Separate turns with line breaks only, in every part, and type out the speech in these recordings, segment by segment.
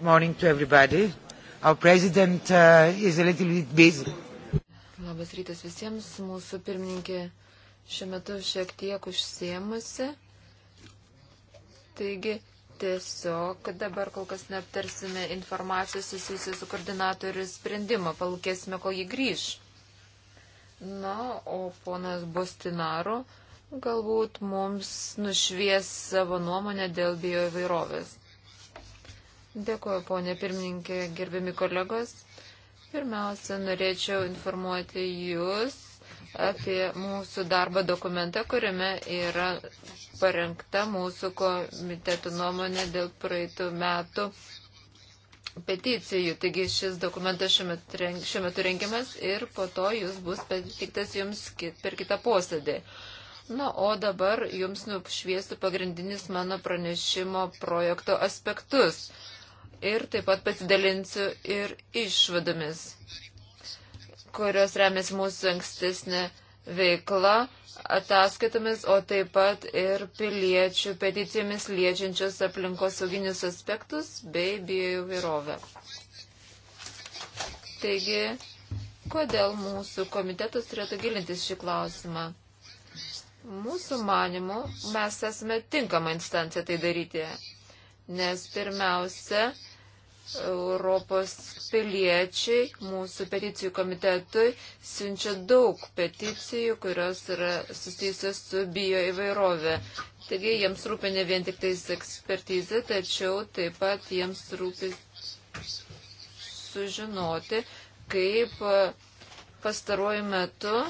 morning to everybody. Our president uh, is a little bit busy.
Labas rytas visiems. Mūsų pirmininkė šiuo metu šiek tiek užsiemusi. Taigi, tiesiog dabar kol kas neaptarsime informacijos susijusios su koordinatorių sprendimą. Palūkėsime, kol jį grįž. Na, o ponas Bostinaru galbūt mums nušvies savo nuomonę dėl bioįvairovės. Dėkuoju, ponė pirmininkė, gerbiami kolegos. Pirmiausia, norėčiau informuoti Jūs apie mūsų darbo dokumentą, kuriame yra parengta mūsų komitetų nuomonė dėl praeitų metų peticijų. Taigi šis dokumentas šiuo metu, renk, šiuo metu rengiamas ir po to jis bus patiktas jums per kitą posėdį. Na, o dabar jums nušviesiu pagrindinis mano pranešimo projekto aspektus ir taip pat pasidalinsiu ir išvadomis, kurios remiasi mūsų ankstesnė veikla, ataskaitomis, o taip pat ir piliečių peticijomis liečiančios aplinkos sauginius aspektus bei bioįvairovę. Taigi, kodėl mūsų komitetas turėtų gilintis šį klausimą? Mūsų manimu, mes esame tinkama instancija tai daryti, nes pirmiausia, Europos piliečiai mūsų peticijų komitetui siunčia daug peticijų, kurios yra susijusios su bioįvairovė. Taigi jiems rūpi ne vien tik tais ekspertizė, tačiau taip pat jiems rūpi sužinoti, kaip pastaruoju metu e,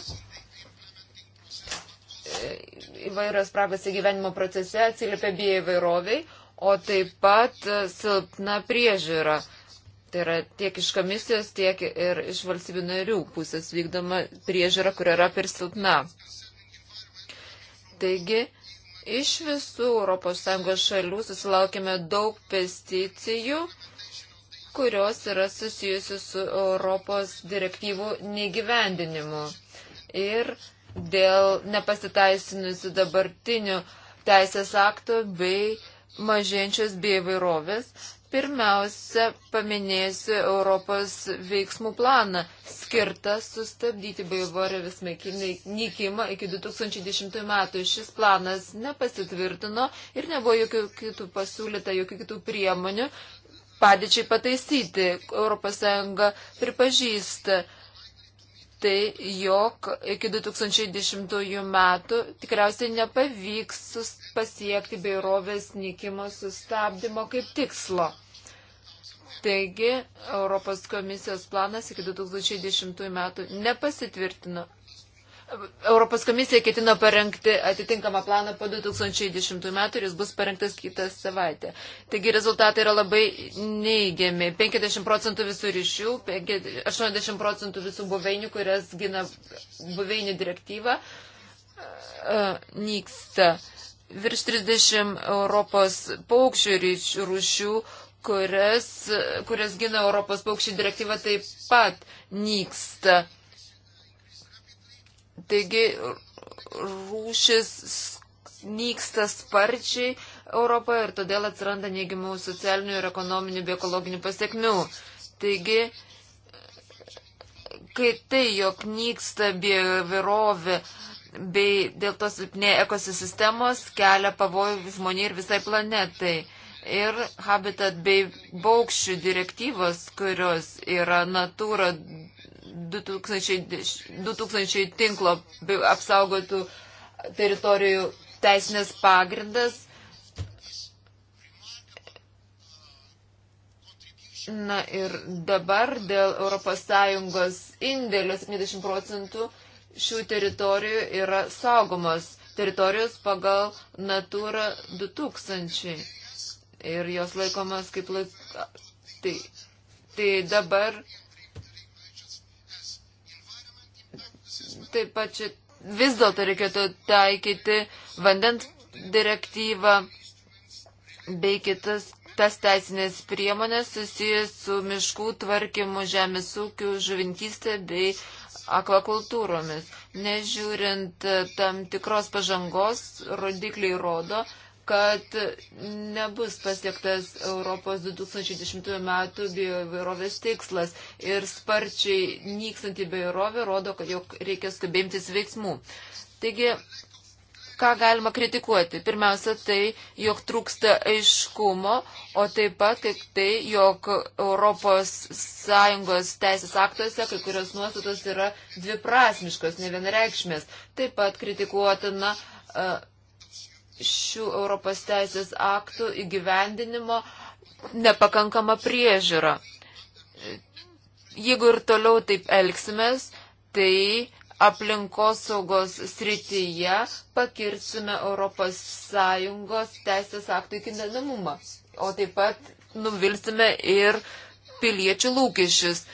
įvairios pravas įgyvenimo procese atsiliepia bioįvairoviai, o taip pat e, silpna priežiūra. Tai yra tiek iš komisijos, tiek ir iš valstybių narių pusės vykdoma priežiūra, kur yra per silpna. Taigi, iš visų ES šalių susilaukime daug pesticijų, kurios yra susijusi su Europos direktyvų negyvendinimu. Ir dėl nepasiteisinusių dabartinių teisės aktų bei mažėjančios bioįvairovės, pirmiausia paminėsiu Europos veiksmų planą, skirtą sustabdyti bioįvairovės nykimą iki 2010 metų. Šis planas nepasitvirtino ir nebuvo jokių kitų pasiūlyta, jokių kitų priemonių padėčiai pataisyti. ES pripažįsta tai, jog iki 2010 metų tikriausiai nepavyks pasiekti beirovės nykimo sustabdymo kaip tikslo. Taigi, Europos komisijos planas iki 2010 metų nepasitvirtino. Europos komisija ketina parengti atitinkamą planą po 2010 metų ir jis bus parengtas kitą savaitę. Taigi rezultatai yra labai neigiami. 50 procentų visų ryšių, 80 procentų visų buveinių, kurias gina buveinių direktyva, e, nyksta. Virš 30 Europos paukščių rūšių, kurias, kurias gina Europos paukščių direktyva, taip pat nyksta. Taigi rūšis nyksta sparčiai Europoje ir todėl atsiranda neigiamų socialinių ir ekonominių bei ekologinių pasiekmių. Taigi, kai tai, jog nyksta biovirovė bei dėl to silpnė ekosistemos, kelia pavojų žmoniai ir visai planetai. Ir Habitat bei baukščių direktyvos, kurios yra Natūra 2000, 2000 tinklo apsaugotų teritorijų teisinės pagrindas. Na ir dabar dėl ES indėlio 70 procentų šių teritorijų yra saugomos teritorijos pagal Natūra 2000 ir jos laikomas kaip laik... Tai, tai dabar Taip pat čia vis dėlto reikėtų taikyti vandens direktyvą bei kitas tas teisinės priemonės susijęs su miškų tvarkymu, žemės ūkiu, žuvintystė bei akvakultūromis. Nežiūrint e, tam tikros pažangos, rodikliai rodo, kad nebus pasiektas Europos 2010 metų bioįvairovės tikslas ir sparčiai nykstanti bioįvairovė rodo, kad jau reikia skubėmtis veiksmų. Taigi, ką galima kritikuoti. Pirmiausia, tai, jog trūksta aiškumo, o taip pat tai, jog ES teisės aktuose kai kurios nuostatos yra dviprasmiškos, nevienreikšmės. Taip pat kritikuotina uh, šių Europos teisės aktų įgyvendinimo nepakankama priežiūra. Jeigu ir toliau taip elgsimės, tai aplinkosaugos srityje pakirtsime Europos Sąjungos teisės aktų įkinamumą, o taip pat nuvilsime ir piliečių lūkesčius.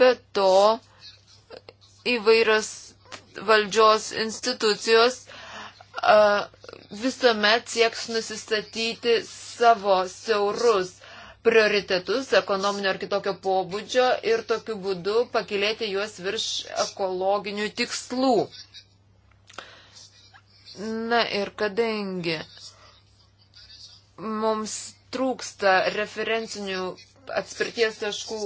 Be to, įvairios valdžios institucijos uh, visuomet sieks nusistatyti savo siaurus prioritetus ekonominio ar kitokio pobūdžio ir tokiu būdu pakilėti juos virš ekologinių tikslų. Na ir kadangi mums trūksta referencinių atspirties taškų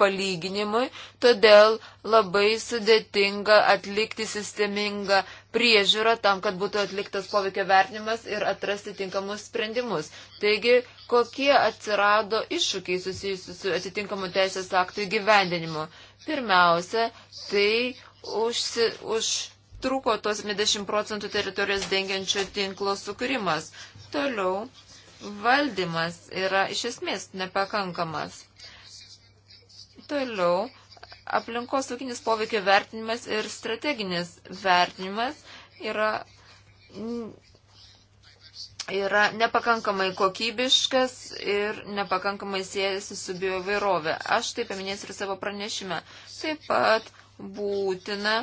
palyginimui, todėl labai sudėtinga atlikti sistemingą priežiūrą tam, kad būtų atliktas poveikio vertinimas ir atrasti tinkamus sprendimus. Taigi, kokie atsirado iššūkiai susijusiu su atitinkamu teisės aktų įgyvendinimu? Pirmiausia, tai užsi, už trūko tos 20 procentų teritorijos dengiančio tinklo sukūrimas. Toliau valdymas yra iš esmės nepakankamas. Toliau aplinkosauginis poveikio vertinimas ir strateginis vertinimas yra, yra nepakankamai kokybiškas ir nepakankamai siejasi su biovairovė. Aš tai paminėsiu ir savo pranešime. Taip pat būtina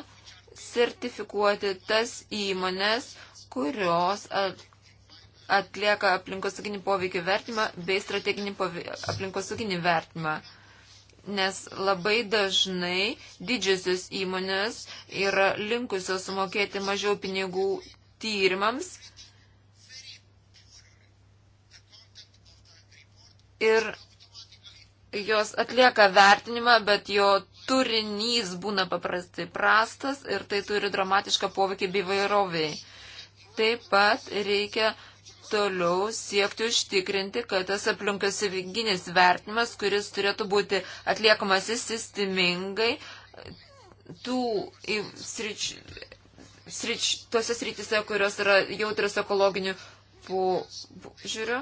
sertifikuoti tas įmonės, kurios atlieka aplinkosauginį poveikį vertimą bei strateginį aplinkosauginį vertimą nes labai dažnai didžiosios įmonės yra linkusios sumokėti mažiau pinigų tyrimams. Ir jos atlieka vertinimą, bet jo turinys būna paprastai prastas ir tai turi dramatišką poveikį bei vairoviai. Taip pat reikia toliau siekti užtikrinti, kad tas aplinkosivinginis vertinimas, kuris turėtų būti atliekamas sistemingai, tų srič, srič, tose srityse, kurios yra jautrios ekologinių požiūrių.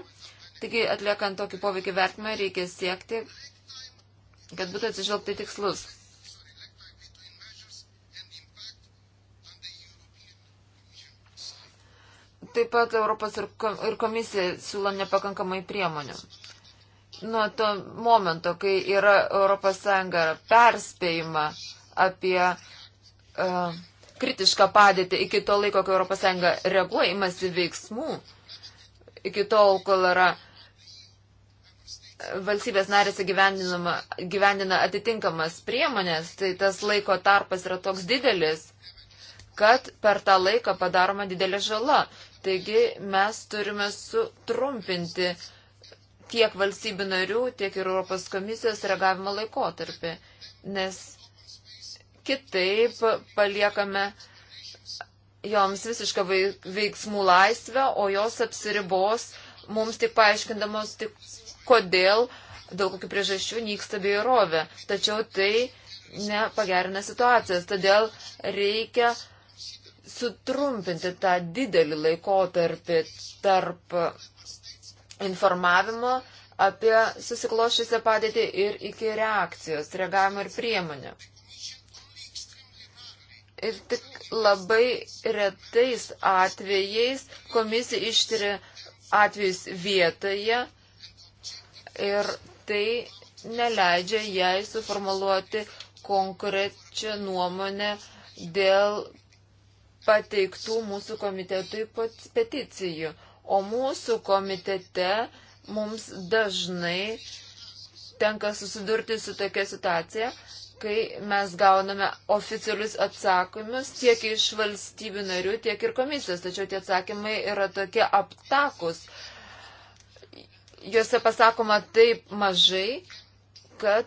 Taigi, atliekant tokį poveikį vertimą, reikia siekti, kad būtų atsižvelgti tikslus. Taip pat Europos ir komisija siūlo nepakankamai priemonių. Nuo to momento, kai yra ES perspėjima apie uh, kritišką padėtį, iki to laiko, kai ES reaguoja, imasi veiksmų, iki tol, kol yra valstybės narėse gyvendina atitinkamas priemonės, tai tas laiko tarpas yra toks didelis, kad per tą laiką padaroma didelė žala. Taigi mes turime sutrumpinti tiek valstybių narių, tiek ir Europos komisijos reagavimo laikotarpį, nes kitaip paliekame joms visišką veiksmų laisvę, o jos apsiribos mums tik paaiškindamos, tik kodėl dėl kokių priežasčių nyksta biorovė. Tačiau tai nepagerina situacijos, todėl reikia uh, sutrumpinti tą didelį laikotarpį tarp informavimo apie susiklošusią padėtį ir iki reakcijos, reagavimo ir priemonių. Ir tik labai retais atvejais komisija ištiri atvejus vietoje ir tai neleidžia jai suformuluoti konkrečią nuomonę dėl pateiktų mūsų komitetui peticijų. O mūsų komitete mums dažnai tenka susidurti su tokia situacija, kai mes gauname oficialius atsakymus tiek iš valstybių narių, tiek ir komisijos. Tačiau tie atsakymai yra tokie aptakus. Juose pasakoma taip mažai, kad,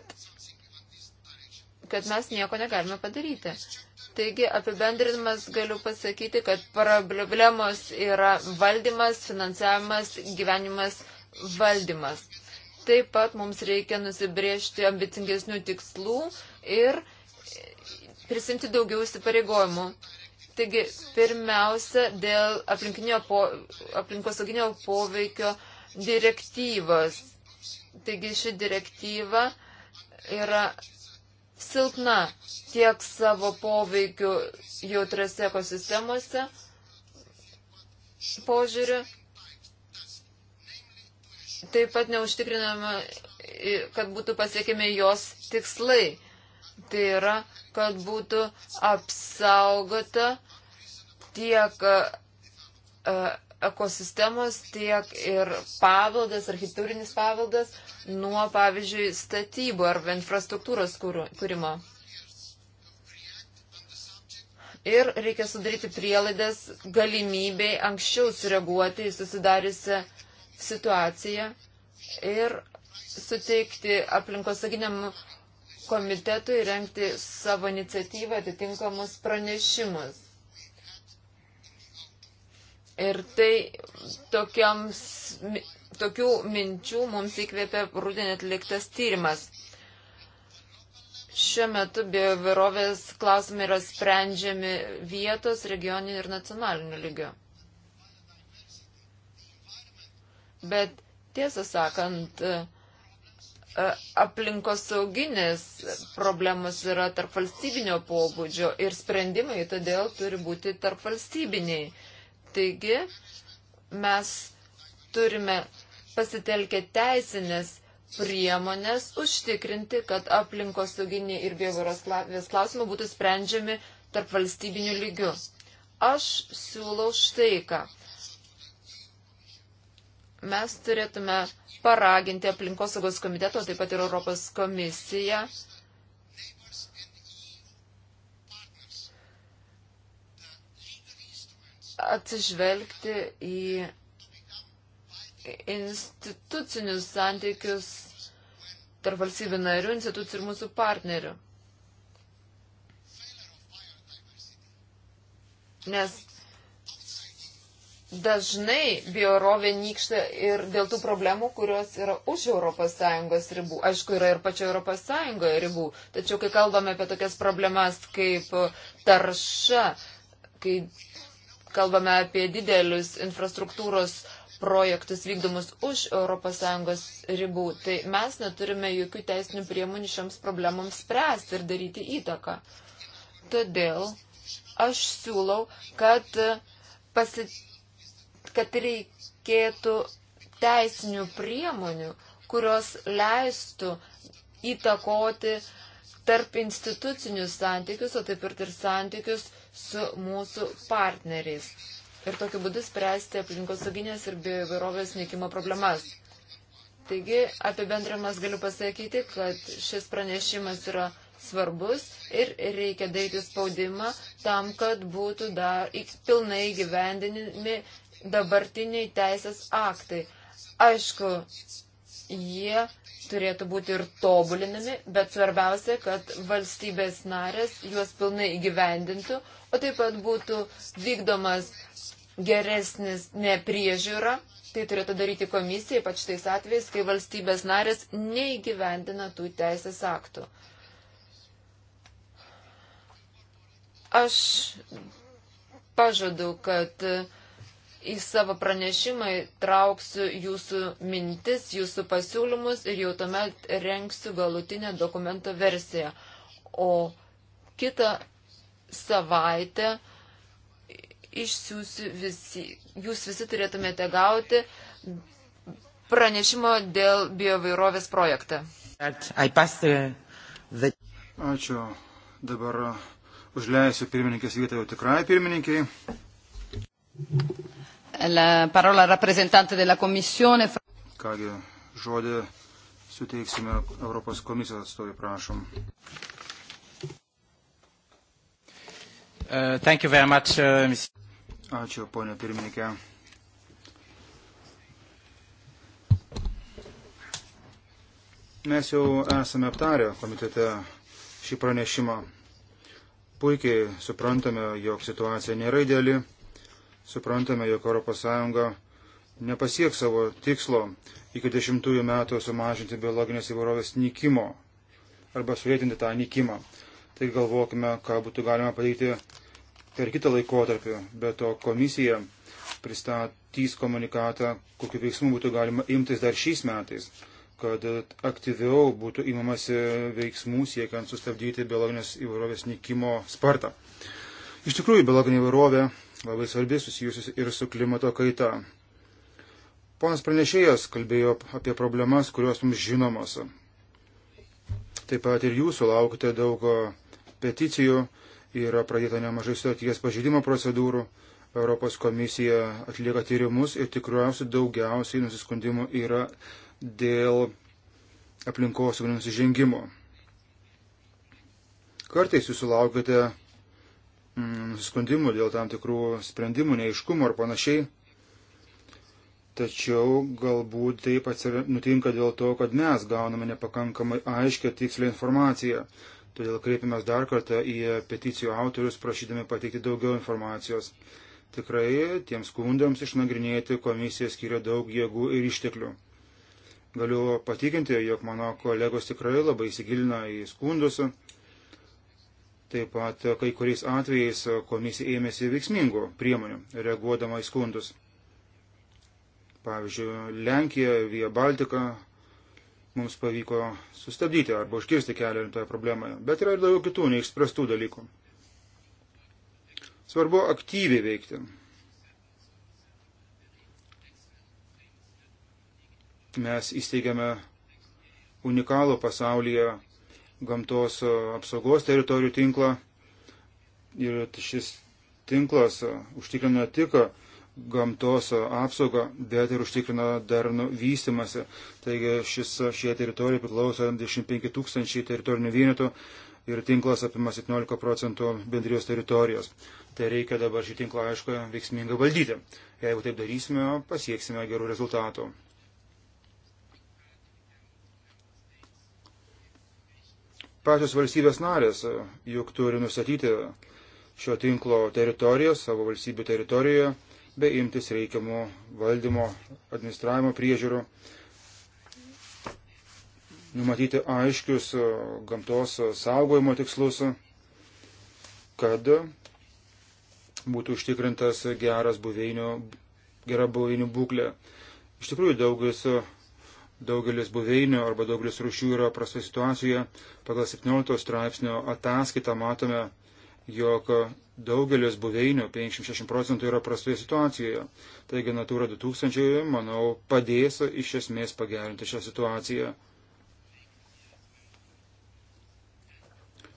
kad mes nieko negalime padaryti. Taigi apibendrinimas galiu pasakyti, kad problemos yra valdymas, finansavimas, gyvenimas, valdymas. Taip pat mums reikia nusibriežti ambicingesnių tikslų ir prisimti daugiau įsipareigojimų. Taigi, pirmiausia, dėl po, aplinkosauginio poveikio direktyvos. Taigi, ši direktyva yra silpna tiek savo poveikiu jautrose ekosistemose požiūriu. Taip pat neužtikrinama, kad būtų pasiekimi jos tikslai. Tai yra, kad būtų apsaugota tiek e, ekosistemos, tiek ir paveldas, architektūrinis paveldas nuo, pavyzdžiui, statybų arba infrastruktūros kūrimo. Ir reikia sudaryti prielaidas galimybei anksčiau sureaguoti į susidariusią situaciją ir suteikti aplinkosauginiam komitetui renkti savo iniciatyvą atitinkamus pranešimus. Ir tai tokiams, tokių minčių mums įkvėpė rūdienį atliktas tyrimas. Šiuo metu bioverovės klausimai yra sprendžiami vietos, regioninių ir nacionalinių lygių. Bet tiesą sakant, aplinkosauginės problemos yra tarp valstybinio pobūdžio ir sprendimai todėl turi būti tarp valstybiniai. Taigi mes turime pasitelkę teisinės priemonės užtikrinti, kad aplinkosauginiai ir biovaros klausimai būtų sprendžiami tarp valstybinių lygių. Aš siūlau štai ką. Mes turėtume paraginti aplinkosaugos komiteto, taip pat ir Europos komisiją atsižvelgti į institucinius santykius tarp valstybių narių, institucijų ir mūsų partnerių. Nes dažnai biorovė nykšta ir dėl tų problemų, kurios yra už ES ribų. Aišku, yra ir pačio ES ribų. Tačiau, kai kalbame apie tokias problemas kaip tarša, kai kalbame apie didelius infrastruktūros projektus vykdomus už ES ribų, tai mes neturime jokių teisinių priemonių šioms problemams spręsti ir daryti įtaką. Todėl aš siūlau, kad, pasi... kad reikėtų teisinių priemonių, kurios leistų įtakoti tarp institucinius santykius, o taip ir ir santykius su mūsų partneriais ir tokiu būdu spręsti aplinkosauginės ir bioįvairovės nykimo problemas. Taigi, apibendrimas galiu pasakyti, kad šis pranešimas yra svarbus ir reikia daryti spaudimą tam, kad būtų dar pilnai gyvendinimi dabartiniai teisės aktai. Aišku, jie turėtų būti ir tobulinami, bet svarbiausia, kad valstybės narės juos pilnai įgyvendintų, o taip pat būtų vykdomas geresnis nepriežiūra. Tai turėtų daryti komisija, ypač tais atvejais, kai valstybės narės neįgyvendina tų teisės aktų. Aš pažadu, kad uh, į savo pranešimą trauksiu jūsų mintis, jūsų pasiūlymus ir jau tuomet renksiu galutinę dokumento versiją. O kitą savaitę išsiųsiu visi, jūs visi turėtumėte gauti pranešimo dėl biovairovės projektą.
Ačiū. Dabar užleisiu pirmininkės vietą jau tikrai pirmininkiai
la parola al rappresentante della Commissione.
Kągi, žodį suteiksime Europos komisijos atstovui, prašom. Uh, thank you very much, uh, Ms. Ačiū, ponė pirmininkė. Mes jau esame aptarę komitete šį pranešimą. Puikiai suprantame, jog situacija nėra ideali suprantame, jog ES nepasieks savo tikslo iki dešimtųjų metų sumažinti biologinės įvairovės nykimo arba sulėtinti tą nykimą. Tai galvokime, ką būtų galima padaryti per kitą laikotarpį. Be to komisija pristatys komunikatą, kokiu veiksmu būtų galima imtis dar šiais metais, kad aktyviau būtų imamasi veiksmų siekiant sustabdyti biologinės įvairovės nykimo spartą. Iš tikrųjų, biologinė įvairovė labai svarbi susijusius ir su klimato kaita. Ponas pranešėjas kalbėjo apie problemas, kurios mums žinomos. Taip pat ir jūsų laukite daug peticijų, yra pradėta nemažai sutarties pažydimo procedūrų, Europos komisija atlieka tyrimus ir tikriausiai daugiausiai nusiskundimų yra dėl aplinkos nusižengimo. Kartais jūs sulaukite Mm, nusiskundimų dėl tam tikrų sprendimų, neiškumų ar panašiai. Tačiau galbūt taip nutinka dėl to, kad mes gauname nepakankamai aiškę tikslę informaciją. Todėl kreipiamės dar kartą į peticijų autorius, prašydami pateikti daugiau informacijos. Tikrai tiems skundams išnagrinėti komisija skiria daug jėgų ir išteklių. Galiu patikinti, jog mano kolegos tikrai labai įsigilina į skundus Taip pat kai kuriais atvejais komisija ėmėsi veiksmingų priemonių, reaguodama į skundus. Pavyzdžiui, Lenkija, Vija Baltika mums pavyko sustabdyti arba užkirsti kelią toje problemoje, bet yra ir daugiau kitų neišspręstų dalykų. Svarbu aktyviai veikti. Mes įsteigėme unikalų pasaulyje gamtos e, apsaugos teritorijų tinklą. Ir šis tinklas e, užtikrina tik gamtos e, apsaugą, bet ir užtikrina darnų vystimąsi. Taigi šis, šie teritorija priklauso 25 tūkstančiai teritorinių vienetų ir tinklas apima 17 procentų bendrijos teritorijos. Tai reikia dabar šį tinklą, aišku, veiksmingai valdyti. Jeigu taip darysime, pasieksime gerų rezultatų. pačios valstybės narės juk turi nustatyti šio tinklo teritoriją, savo valstybių teritorijoje, bei imtis reikiamų valdymo, administravimo priežiūrų, numatyti aiškius e, gamtos saugojimo tikslus, kad būtų užtikrintas geras buveinių, gera buveinių būklė. Iš tikrųjų, daugelis daugelis buveinių arba daugelis rušių yra prastoje situacijoje. Pagal 17 straipsnio ataskaitą matome, jog daugelis buveinių, 56 procentų, yra prastoje situacijoje. Taigi Natūra 2000, manau, padės iš esmės pagerinti šią situaciją.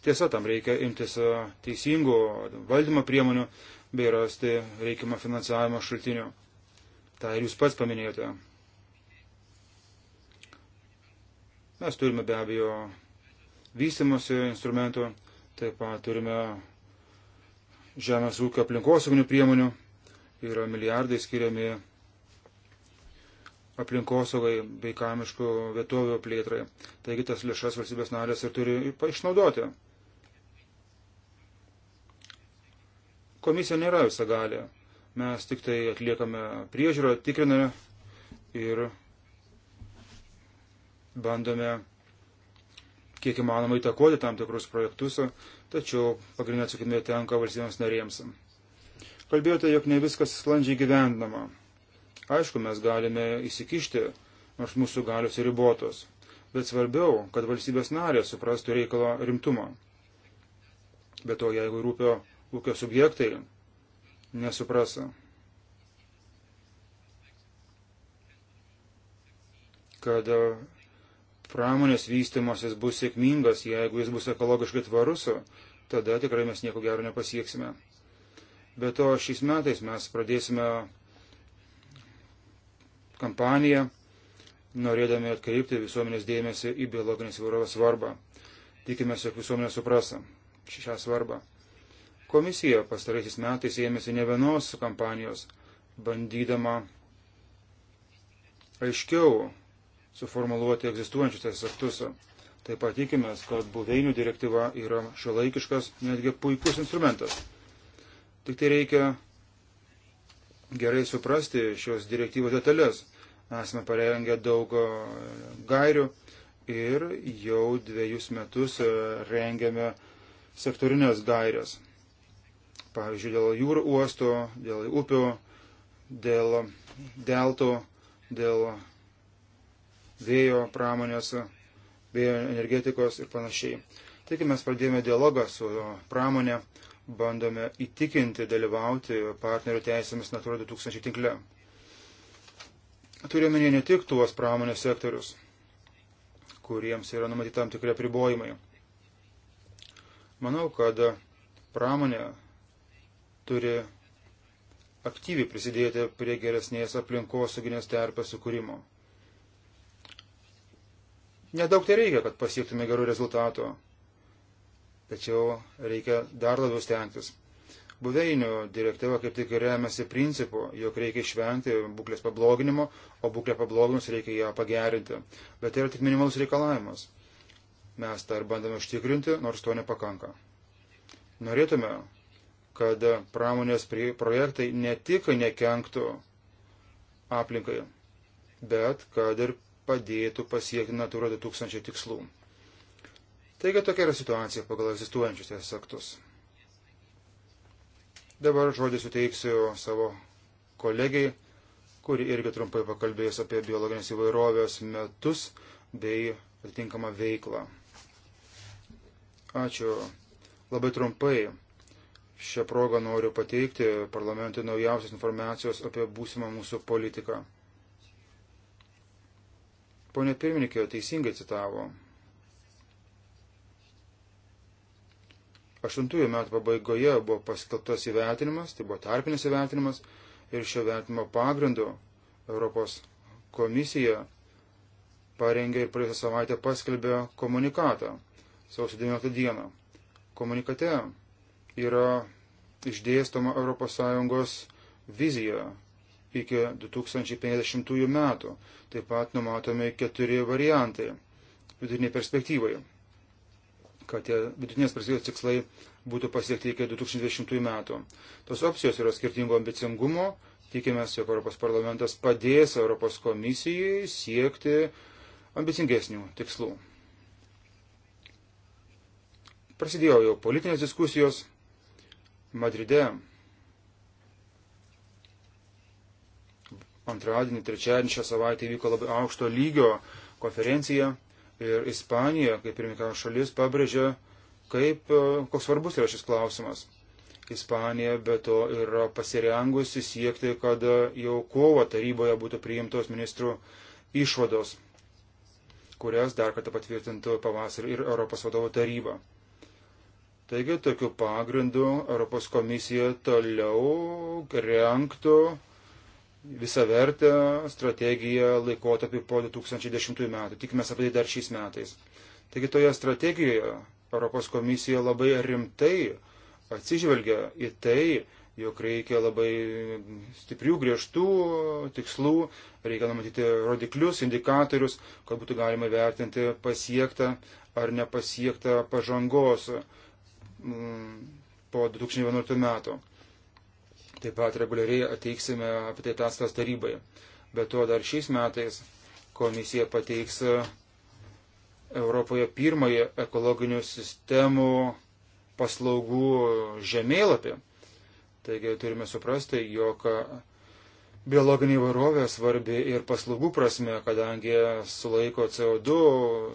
Tiesa, tam reikia imtis e, teisingų valdymo priemonių bei rasti reikiamą finansavimo šaltinių. Ta ir jūs pats paminėjote. Mes turime be abejo vystimosi instrumentų, taip pat turime žemės ūkio aplinkosauginių priemonių, yra milijardai skiriami aplinkosaugai bei kaimiškų vietovių plėtrai. Taigi tas lėšas valstybės narės ir turi išnaudoti. Komisija nėra visagalė. Mes tik tai atliekame priežiūrą, tikriname ir bandome kiek įmanoma įtakoti tam tikrus projektus, tačiau pagrindinė atsakomybė tenka valstybėms narėms. Kalbėjote, jog ne viskas sklandžiai gyvendama. Aišku, mes galime įsikišti, nors mūsų galios ir ribotos, bet svarbiau, kad valstybės narės suprastų reikalo rimtumą. Be to, jeigu rūpio ūkio subjektai nesuprasa, kad pramonės vystimosis bus sėkmingas, jeigu jis bus ekologiškai tvarus, tada tikrai mes nieko gero nepasieksime. Be to, šiais metais mes pradėsime kampaniją, norėdami atkreipti visuomenės dėmesį į biologinės įvairovės svarbą. Tikimės, jog visuomenė suprasa šią svarbą. Komisija pastaraisiais metais ėmėsi ne vienos kampanijos, bandydama aiškiau suformuluoti egzistuojančius teisės aktus. Taip pat tikimės, kad buveinių direktyva yra šiuolaikiškas, netgi puikus instrumentas. Tik tai reikia gerai suprasti šios direktyvos detalės. Esame parengę daug e, gairių ir jau dviejus metus e, rengiame sektorinės gairias. Pavyzdžiui, dėl jūrų uosto, dėl upių, dėl deltų, dėl vėjo pramonės, vėjo energetikos ir panašiai. Taigi mes pradėjome dialogą su pramonė, bandome įtikinti dalyvauti partnerių teisėmis Natura 2000 tinkle. Turime ne tik tuos pramonės sektorius, kuriems yra numatyti tam tikri apribojimai. Manau, kad pramonė turi aktyviai prisidėti prie geresnės aplinkos suginės terpės sukūrimo. Nedaug tai reikia, kad pasiektume gerų rezultatų. Tačiau reikia dar labiau stengtis. Buveinių direktyva kaip tik remiasi principu, jog reikia išvengti būklės pabloginimo, o būklę pabloginus reikia ją pagerinti. Bet tai yra tik minimalus reikalavimas. Mes tą ir bandome užtikrinti, nors to nepakanka. Norėtume, kad pramonės projektai ne tik nekenktų aplinkai, bet kad ir padėtų pasiekti Natūra 2000 tikslų. Taigi tokia yra situacija pagal egzistuojančius teisės aktus. Dabar žodį suteiksiu savo kolegiai, kuri irgi trumpai pakalbės apie biologinės įvairovės metus bei atitinkamą veiklą. Ačiū. Labai trumpai šią progą noriu pateikti parlamentui naujausios informacijos apie būsimą mūsų politiką. Pone pirmininkė, teisingai citavo. Aštuntųjų metų pabaigoje buvo paskelbtas įvertinimas, tai buvo tarpinis įvertinimas ir šio vertinimo pagrindu Europos komisija parengė ir praėjusią savaitę paskelbė komunikatą sausio 19 dieną. Komunikate yra išdėstoma ES vizija iki 2050 metų. Taip pat numatomi keturi variantai vidutiniai perspektyvai, kad tie vidutinės perspektyvos tikslai būtų pasiekti iki 2020 metų. Tos opcijos yra skirtingo ambicingumo, tikimės, jog Europos parlamentas padės Europos komisijai siekti ambicingesnių tikslų. Prasidėjo jau politinės diskusijos Madride antradienį, trečiadienį šią savaitę vyko labai aukšto lygio konferencija ir Ispanija, kaip pirmininkavo šalis, pabrėžė, kaip, e, koks svarbus yra šis klausimas. Ispanija be to yra pasirengusi siekti, kad e, jau kovo taryboje būtų priimtos ministrų išvados, kurias dar kartą patvirtintų pavasarį ir Europos vadovo taryba. Taigi tokiu pagrindu Europos komisija toliau renktų visavertę strategiją laikotarpį po 2010 metų. Tikimės apie tai dar šiais metais. Taigi toje strategijoje Europos komisija labai rimtai atsižvelgia į tai, jog reikia labai stiprių, griežtų tikslų, reikia numatyti rodiklius, indikatorius, kad būtų galima vertinti pasiektą ar nepasiektą pažangos mm, po 2011 metų. Taip pat reguliariai ateiksime apie tai tastas tarybai. Be to dar šiais metais komisija pateiks Europoje pirmąją ekologinių sistemų paslaugų žemėlapį. Taigi turime suprasti, jog Biologinė įvairovė svarbi ir paslaugų prasme, kadangi sulaiko CO2,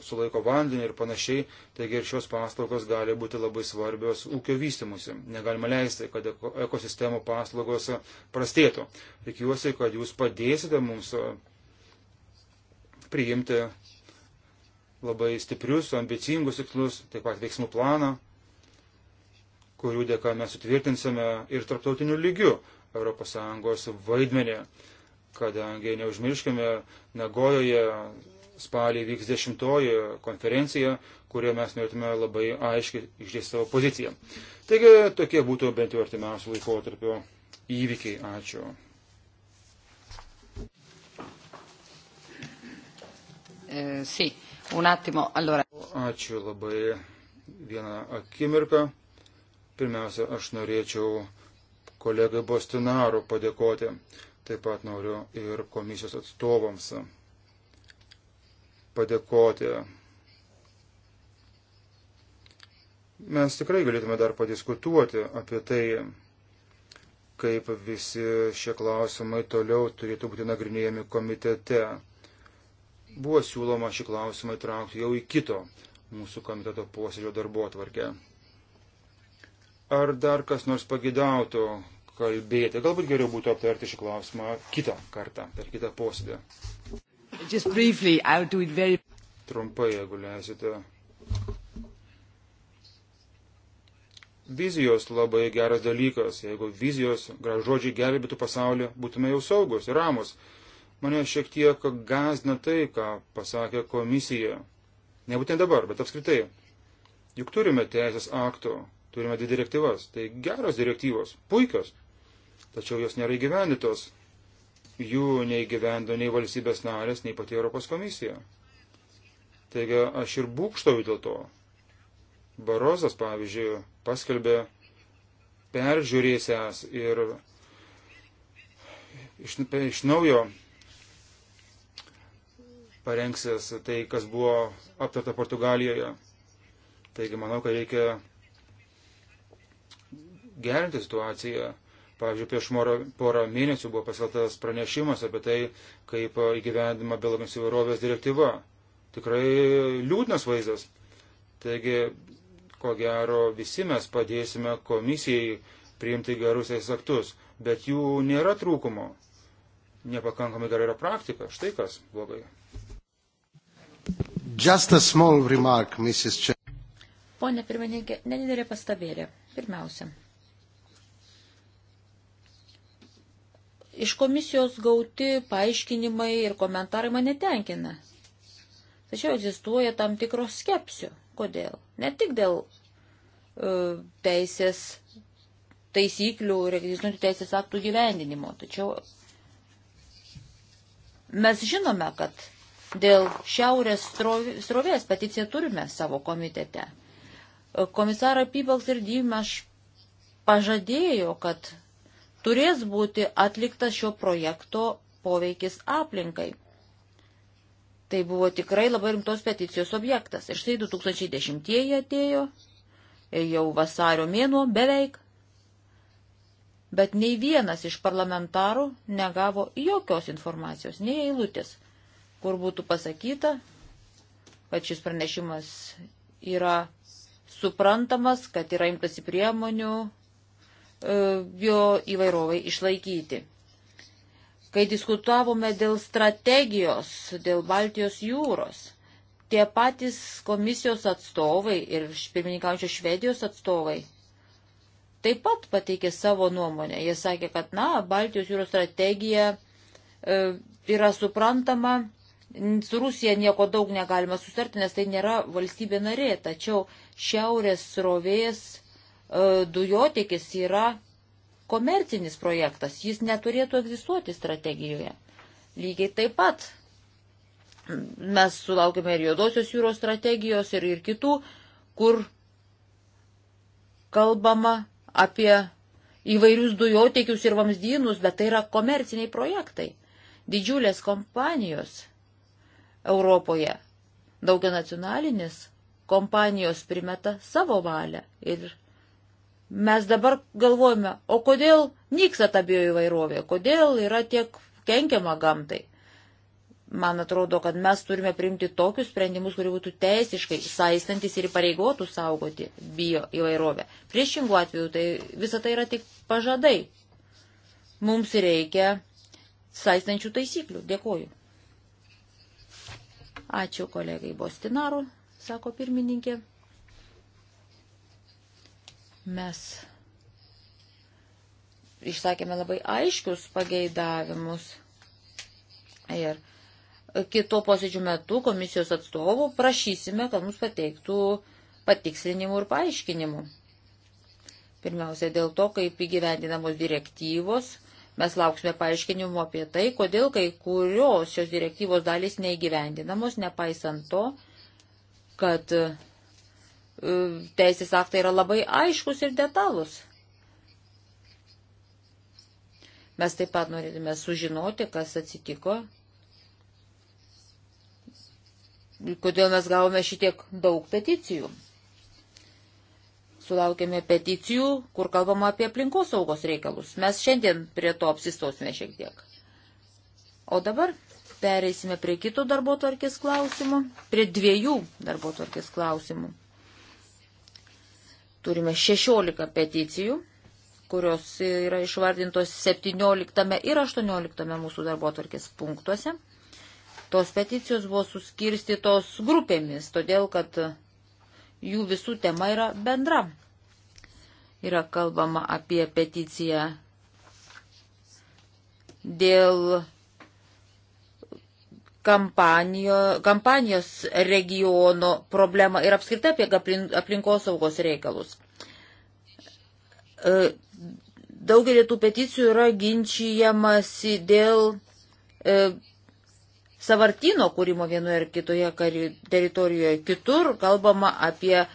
sulaiko vandenį ir panašiai, taigi ir šios paslaugos gali būti labai svarbios ūkio vystimusi. Negalima leisti, kad ekosistemo paslaugos prastėtų. Tikiuosi, kad jūs padėsite mums priimti labai stiprius, ambicingus tikslus, taip pat veiksmų planą, kurių dėka mes sutvirtinsime ir tarptautiniu lygiu ES vaidmenį, kadangi neužmirškime, Nagojoje spalį vyks dešimtoji konferencija, kurioje mes norėtume labai aiškiai išdėstyti savo poziciją. Taigi tokie būtų bent jau artimiausių laikotarpio įvykiai. Ačiū. E, sì, un attimo, allora. Ačiū labai vieną akimirką. Pirmiausia, aš norėčiau kolegai Bostinaru padėkoti. Taip pat noriu ir komisijos atstovams padėkoti. Mes tikrai galėtume dar padiskutuoti apie tai, kaip visi šie klausimai toliau turėtų būti nagrinėjami komitete. Buvo siūloma šį klausimą įtraukti jau į kito mūsų komiteto posėdžio darbo atvarkę. Ar dar kas nors pagidautų kalbėti? Galbūt geriau būtų aptarti šį klausimą kitą kartą, per kitą posėdį. Briefly, very... Trumpai, jeigu leisite. Vizijos labai geras dalykas. Jeigu vizijos, gražodžiai gelbėtų pasaulį, būtume jau saugus ir ramus. Mane šiek tiek gazdina tai, ką pasakė komisija. Nebūtent dabar, bet apskritai. Juk turime teisės aktų, Turime dvi direktyvas. Tai geros direktyvos, puikios, tačiau jos nėra įgyvendytos. Jų neįgyvendo nei valstybės narės, nei pati Europos komisija. Taigi aš ir būkštauju dėl to. Barozas, pavyzdžiui, paskelbė peržiūrėsias ir iš, iš naujo parengsis tai, kas buvo aptarta Portugalijoje. Taigi manau, kad reikia gerinti situaciją. Pavyzdžiui, prieš porą mėnesių buvo paskeltas pranešimas apie tai, kaip įgyvendima biologinės įvairovės direktyva. Tikrai liūdnas vaizdas. Taigi, ko gero, visi mes padėsime komisijai priimti gerus teisės aktus, bet jų nėra trūkumo. Nepakankamai gerai yra praktika. Štai kas blogai. Just a small remark, Mrs. Chair.
Pone pirmininkė, nedidelė pastabėlė. Pirmiausia, Iš komisijos gauti paaiškinimai ir komentarai mane tenkina. Tačiau egzistuoja tam tikros skepsių. Kodėl? Ne tik dėl e, teisės taisyklių ir egzistuojančių teisės aktų gyvendinimo. Tačiau mes žinome, kad dėl šiaurės srovės peticiją turime savo komitete. Komisara Pybalks ir Dymaš pažadėjo, kad turės būti atliktas šio projekto poveikis aplinkai. Tai buvo tikrai labai rimtos peticijos objektas. Ir štai 2010 atėjo, jau vasario mėnuo beveik, bet nei vienas iš parlamentarų negavo jokios informacijos, nei eilutės, kur būtų pasakyta, kad šis pranešimas yra suprantamas, kad yra imtasi priemonių bio e, įvairovai išlaikyti. Kai diskutavome dėl strategijos, dėl Baltijos jūros, tie patys komisijos atstovai ir pirmininkaujančio Švedijos atstovai taip pat pateikė savo nuomonę. Jie sakė, kad, na, Baltijos jūros strategija e, yra suprantama, su Rusija nieko daug negalima sustarti, nes tai nėra valstybė narė, tačiau šiaurės srovės E, dujotiekis yra komercinis projektas, jis neturėtų egzistuoti strategijoje. Lygiai taip pat mes sulaukime ir juodosios jūros strategijos ir, ir kitų, kur kalbama apie įvairius dujotiekius ir vamzdynus, bet tai yra komerciniai projektai. Didžiulės kompanijos Europoje, daugia nacionalinis kompanijos primeta savo valią ir Mes dabar galvojame, o kodėl nyksta ta bioįvairovė, kodėl yra tiek kenkiama gamtai. Man atrodo, kad mes turime priimti tokius sprendimus, kurie būtų teisiškai saistantis ir pareigotų saugoti bio įvairovę. Priešingų atveju tai visa tai yra tik pažadai. Mums reikia saistančių taisyklių. Dėkoju. Ačiū kolegai Bostinaru, sako pirmininkė. Mes išsakėme labai aiškius pageidavimus. Ir kito posėdžių metu komisijos atstovų prašysime, kad mums pateiktų patikslinimų ir paaiškinimų. Pirmiausia, dėl to, kaip įgyvendinamos direktyvos, mes lauksime paaiškinimų apie tai, kodėl kai kurios šios direktyvos dalys neįgyvendinamos, nepaisant to, kad teisės aktai yra labai aiškus ir detalus. Mes taip pat norėtume sužinoti, kas atsitiko, kodėl mes gavome šitiek daug peticijų. Sulaukėme peticijų, kur kalbama apie aplinkos saugos reikalus. Mes šiandien prie to apsistosime šiek tiek. O dabar pereisime prie kito darbo tvarkės klausimų, prie dviejų darbo tvarkės klausimų. Turime 16 peticijų, kurios yra išvardintos 17 ir 18 mūsų darbo tvarkės punktuose. Tos peticijos buvo suskirstytos grupėmis, todėl kad jų visų tema yra bendra. Yra kalbama apie peticiją dėl kampanijo, kampanijos regiono problemą ir apskritai apie aplinkosaugos reikalus. E, daugelį tų peticijų yra ginčijamasi dėl e, savartino kūrimo vienoje ar kitoje teritorijoje. Kitur kalbama apie e,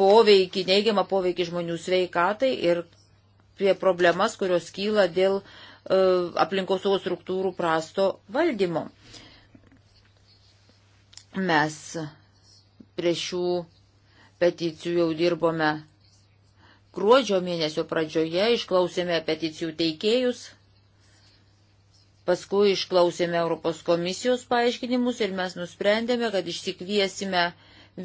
poveikį, neigiamą poveikį žmonių sveikatai ir prie problemas, kurios kyla dėl e, E, aplinkosaugos struktūrų prasto valdymo. Mes prie šių peticijų jau dirbome gruodžio mėnesio pradžioje, išklausėme peticijų teikėjus, paskui išklausėme Europos komisijos paaiškinimus ir mes nusprendėme, kad išsikviesime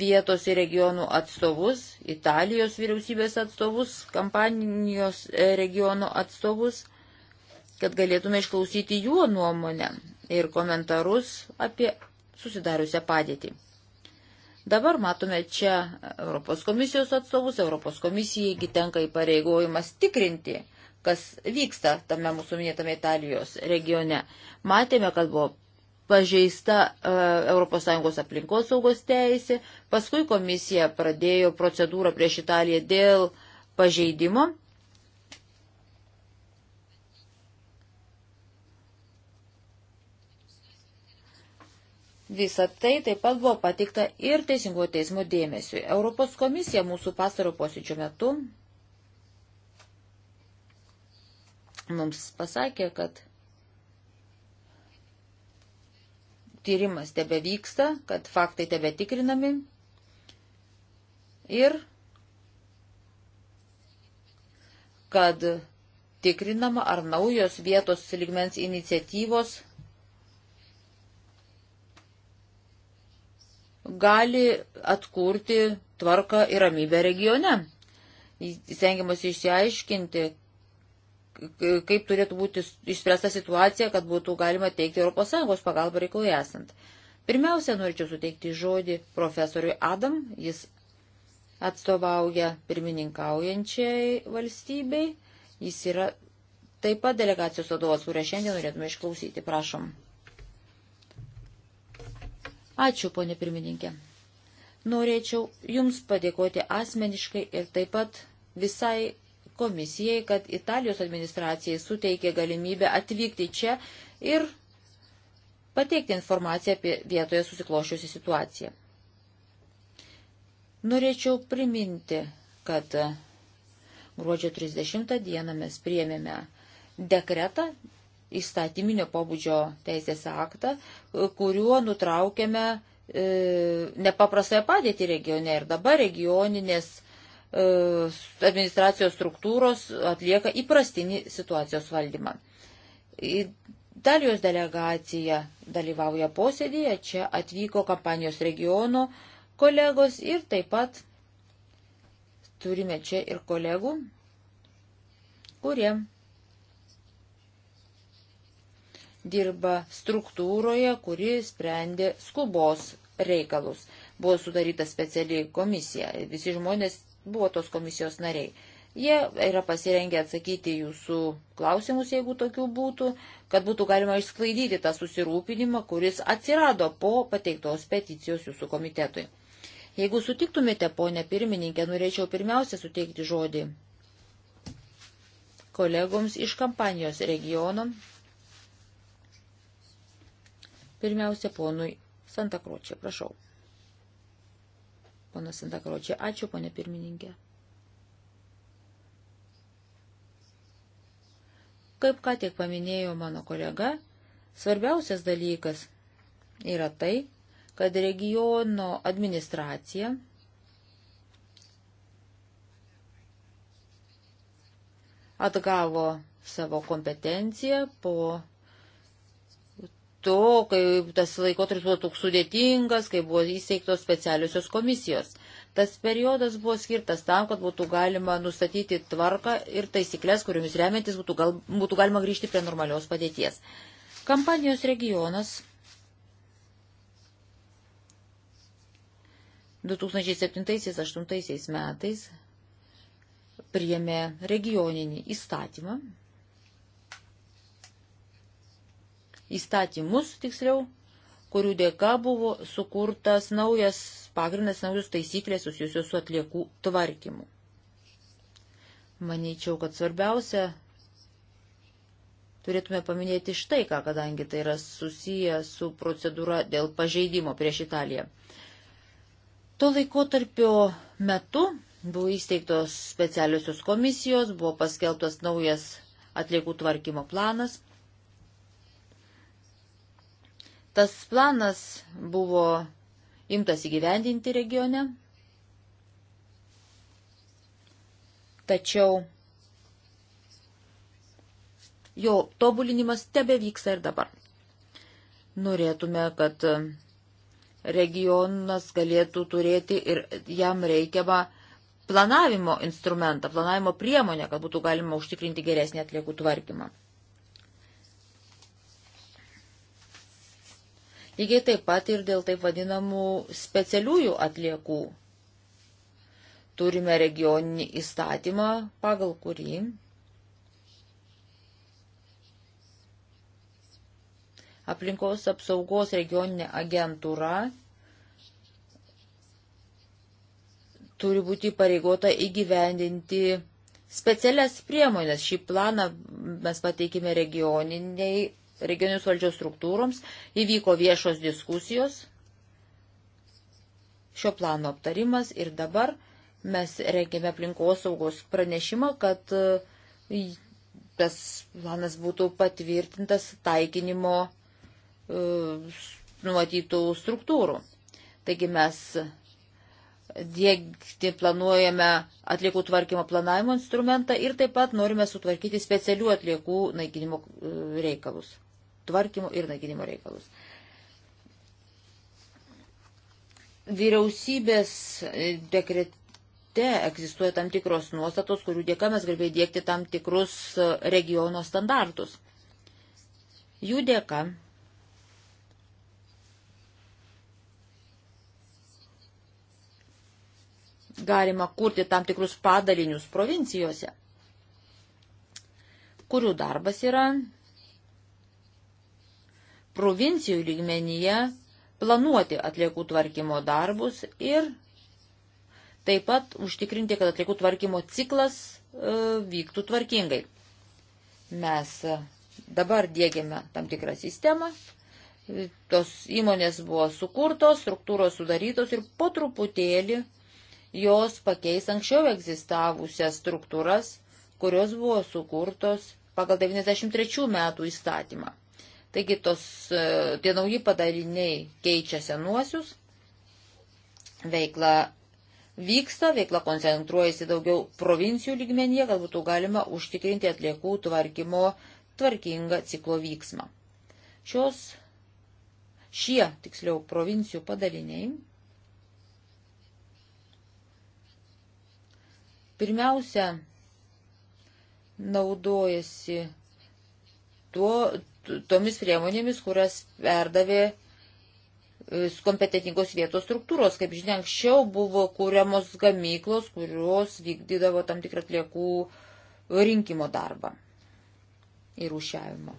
vietos ir regionų atstovus, Italijos vyriausybės atstovus, kampanijos e, regionų atstovus kad galėtume išklausyti jų nuomonę ir komentarus apie susidariusią padėtį. Dabar matome čia Europos komisijos atstovus, Europos komisijai tenka įpareigojimas tikrinti, kas vyksta tame mūsų minėtame Italijos regione. Matėme, kad buvo pažeista e, ES aplinkos saugos teisė, paskui komisija pradėjo procedūrą prieš Italiją dėl pažeidimo Visa tai taip pat buvo patikta ir Teisingo teismo dėmesiui. Europos komisija mūsų pastaro posėdžio metu mums pasakė, kad tyrimas tebe vyksta, kad faktai tebe tikrinami ir kad tikrinama, ar naujos vietos lygmens iniciatyvos gali atkurti tvarką ir ramybę regione. Stengiamas išsiaiškinti, kaip turėtų būti išspręsta situacija, kad būtų galima teikti ES pagalbą reikalui esant. Pirmiausia, norėčiau suteikti žodį profesoriui Adam, jis atstovauja pirmininkaujančiai valstybei, jis yra taip pat delegacijos vadovas, kurią šiandien norėtume išklausyti. Prašom. Ačiū, ponė pirmininkė. Norėčiau Jums padėkoti asmeniškai ir taip pat visai komisijai, kad Italijos administracijai suteikė galimybę atvykti čia ir pateikti informaciją apie vietoje susiklošiusią situaciją. Norėčiau priminti, kad gruodžio 30 dieną mes priėmėme dekretą įstatyminio pobūdžio teisės aktą, kuriuo nutraukėme e, nepaprastąją padėtį regione ir dabar regioninės e, administracijos struktūros atlieka įprastinį situacijos valdymą. Italijos delegacija dalyvauja posėdėje, čia atvyko kampanijos regiono kolegos ir taip pat turime čia ir kolegų, kurie dirba struktūroje, kuri sprendė skubos reikalus. Buvo sudaryta speciali komisija, visi žmonės buvo tos komisijos nariai. Jie yra pasirengę atsakyti jūsų klausimus, jeigu tokių būtų, kad būtų galima išsklaidyti tą susirūpinimą, kuris atsirado po pateiktos peticijos jūsų komitetui. Jeigu sutiktumėte, ponė pirmininkė, norėčiau pirmiausia suteikti žodį kolegoms iš kampanijos regiono, Pirmiausia, ponui Santakročiai, prašau. Ponas Santakročiai, ačiū, ponė pirmininkė. Kaip ką tik paminėjo mano kolega, svarbiausias dalykas yra tai, kad regiono administracija atgavo savo kompetenciją po to, kai tas laikotarpis buvo toks sudėtingas, kai buvo įsteigtos specialiosios komisijos. Tas periodas buvo skirtas tam, kad būtų galima nustatyti tvarką ir taisyklės, kuriomis remiantis būtų, gal, būtų galima grįžti prie normalios padėties. Kampanijos regionas 2007-2008 metais priėmė regioninį įstatymą įstatymus, tiksliau, kurių dėka buvo sukurtas naujas pagrindas, naujus taisyklės susijusios su atliekų tvarkymu. Manyčiau, kad svarbiausia turėtume paminėti štai ką, kadangi tai yra susiję su procedūra dėl pažeidimo prieš Italiją. Tuo laikotarpio metu buvo įsteigtos specialiosios komisijos, buvo paskelbtas naujas atliekų tvarkymo planas – Tas planas buvo imtas įgyvendinti regione, tačiau jo tobulinimas tebe vyksta ir dabar. Norėtume, kad regionas galėtų turėti ir jam reikiamą planavimo instrumentą, planavimo priemonę, kad būtų galima užtikrinti geresnį atliekų tvarkymą. lygiai taip pat ir dėl taip vadinamų specialiųjų atliekų. Turime regioninį įstatymą, pagal kurį aplinkos apsaugos regioninė agentūra turi būti pareigota įgyvendinti specialias priemonės. Šį planą mes pateikime regioniniai regionius valdžios struktūroms, įvyko viešos diskusijos, šio plano aptarimas ir dabar mes rengėme aplinkosaugos pranešimą, kad e, tas planas būtų patvirtintas taikinimo e, numatytų struktūrų. Taigi mes dėkti planuojame atliekų tvarkymo planavimo instrumentą ir taip pat norime sutvarkyti specialių atliekų naikinimo e, reikalus tvarkymo ir naikinimo reikalus. Vyriausybės e, dekrete egzistuoja tam tikros nuostatos, kurių dėka mes galime įdėkti tam tikrus e, regiono standartus. Jų dėka galima kurti tam tikrus padalinius provincijose, kurių darbas yra provincijų lygmenyje planuoti atliekų tvarkymo darbus ir taip pat užtikrinti, kad atliekų tvarkymo ciklas e, vyktų tvarkingai. Mes e, dabar dėgiame tam tikrą sistemą, tos įmonės buvo sukurtos, struktūros sudarytos ir po truputėlį jos pakeis anksčiau egzistavusias struktūras, kurios buvo sukurtos pagal 93 metų įstatymą. Taigi tos, e, tie nauji padariniai keičia senuosius, veikla vyksta, veikla koncentruojasi daugiau provincijų lygmenyje, kad būtų galima užtikrinti atliekų tvarkymo tvarkingą ciklo vyksmą. Šios, šie, tiksliau, provincijų padaliniai pirmiausia naudojasi tuo, tomis priemonėmis, kurias perdavė e, kompetentingos vietos struktūros. Kaip žinia, anksčiau buvo kūriamos gamyklos, kurios vykdydavo tam tikrą atliekų rinkimo darbą ir rūšiavimo.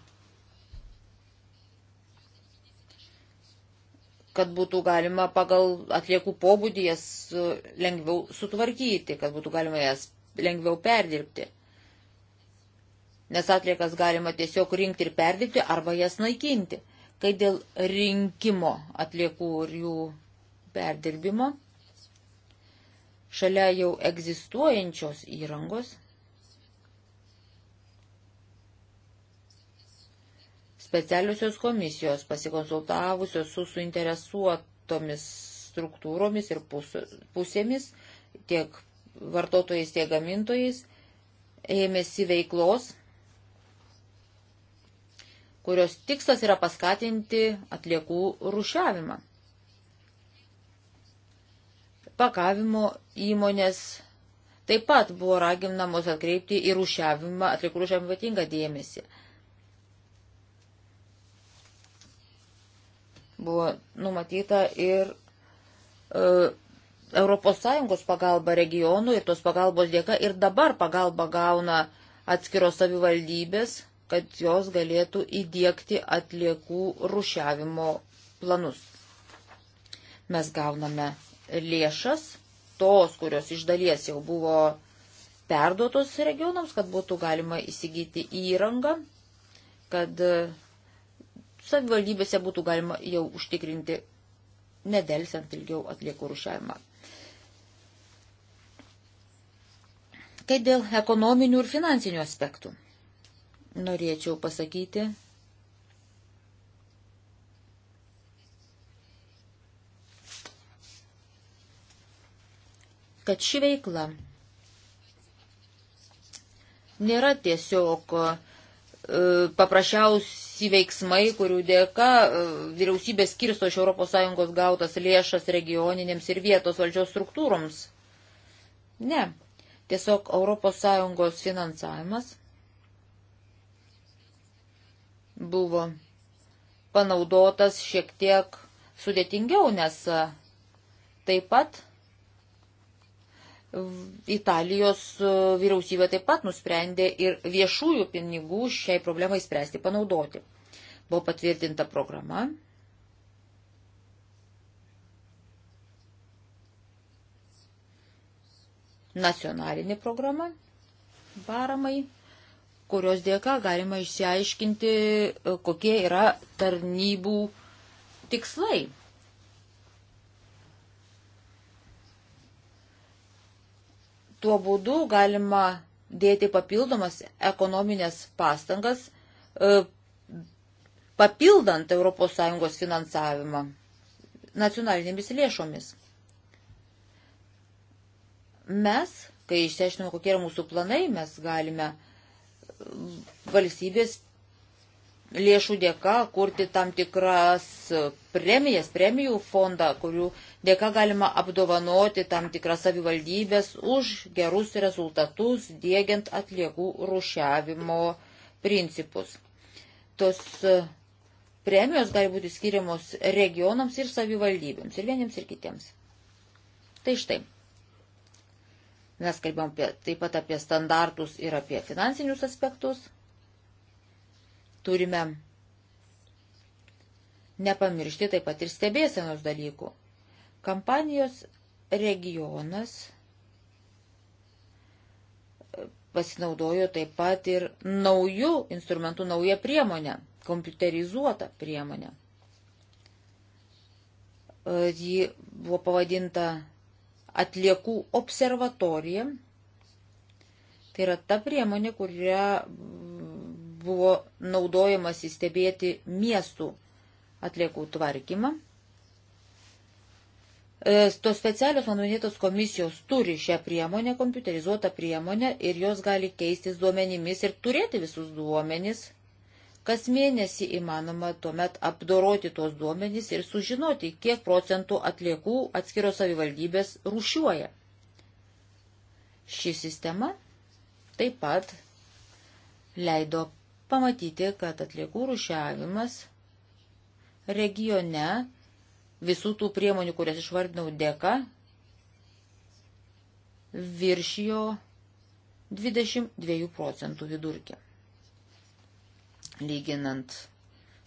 Kad būtų galima pagal atliekų pobūdį jas e, lengviau sutvarkyti, kad būtų galima jas lengviau perdirbti nes atliekas galima tiesiog rinkti ir perdirbti arba jas naikinti. Kai dėl rinkimo atliekų ir jų perdirbimo, šalia jau egzistuojančios įrangos, specialiusios komisijos pasikonsultavusios su suinteresuotomis struktūromis ir pusėmis, tiek vartotojais, tiek gamintojais, ėmėsi veiklos kurios tikslas yra paskatinti atliekų rušiavimą. Pakavimo įmonės taip pat buvo raginamos atkreipti į rušiavimą, atliekų rušiavimą ypatingą dėmesį. Buvo numatyta ir e, ES pagalba regionų ir tos pagalbos dėka ir dabar pagalba gauna atskiros savivaldybės kad jos galėtų įdėkti atliekų rušiavimo planus. Mes gauname lėšas, tos, kurios iš dalies jau buvo perduotos regionams, kad būtų galima įsigyti įrangą, kad savivaldybėse būtų galima jau užtikrinti nedelsiant ilgiau atliekų rušiavimą. Kai dėl ekonominių ir finansinių aspektų norėčiau pasakyti, kad ši veikla nėra tiesiog e, paprasčiausi veiksmai, kurių dėka e, vyriausybė skirsto iš ES gautas lėšas regioninėms ir vietos valdžios struktūroms. Ne, tiesiog ES finansavimas buvo panaudotas šiek tiek sudėtingiau, nes e, taip pat Italijos e, vyriausybė taip pat nusprendė ir viešųjų pinigų šiai problemai spręsti panaudoti. Buvo patvirtinta programa. Nacionalinė programa paramai kurios dėka galima išsiaiškinti, e, kokie yra tarnybų tikslai. Tuo būdu galima dėti papildomas ekonominės pastangas, e, papildant ES finansavimą nacionalinėmis lėšomis. Mes, kai išsiaiškinome, kokie yra mūsų planai, mes galime uh, valstybės lėšų dėka kurti tam tikras premijas, premijų fondą, kurių dėka galima apdovanoti tam tikras savivaldybės už gerus rezultatus, dėgiant atliekų rušiavimo principus. Tos e, premijos gali būti skiriamos regionams ir savivaldybėms, ir vieniems ir kitiems. Tai štai. Mes kalbėjom apie, taip pat apie standartus ir apie finansinius aspektus. Turime nepamiršti taip pat ir stebėsenos dalykų. Kampanijos regionas pasinaudojo taip pat ir naujų instrumentų naują priemonę, kompiuterizuotą priemonę. Ji buvo pavadinta atliekų observatorija. Tai yra ta priemonė, kuria buvo naudojamas įstebėti miestų atliekų tvarkymą. E, tos specialios mano minėtos komisijos turi šią priemonę, kompiuterizuotą priemonę ir jos gali keistis duomenimis ir turėti visus duomenis Kas mėnesį įmanoma tuomet apdoroti tuos duomenys ir sužinoti, kiek procentų atliekų atskiros savivaldybės rušiuoja. Ši sistema taip pat leido pamatyti, kad atliekų rušiavimas regione visų tų priemonių, kurias išvardinau dėka, viršijo 22 procentų vidurkį lyginant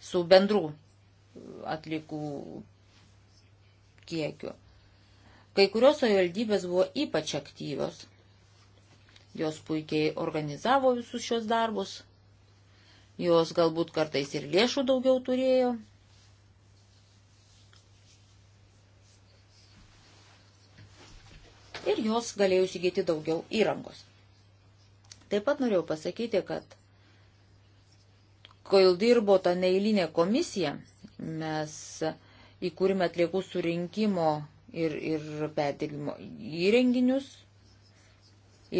su bendrų atlikų kiekiu. Kai kurios savivaldybės buvo ypač aktyvios. Jos puikiai organizavo visus šios darbus. Jos galbūt kartais ir lėšų daugiau turėjo. Ir jos galėjo įsigyti daugiau įrangos. Taip pat norėjau pasakyti, kad kol dirbo ta neįlinė komisija, mes įkūrėme atliekų surinkimo ir, ir perdirbimo įrenginius.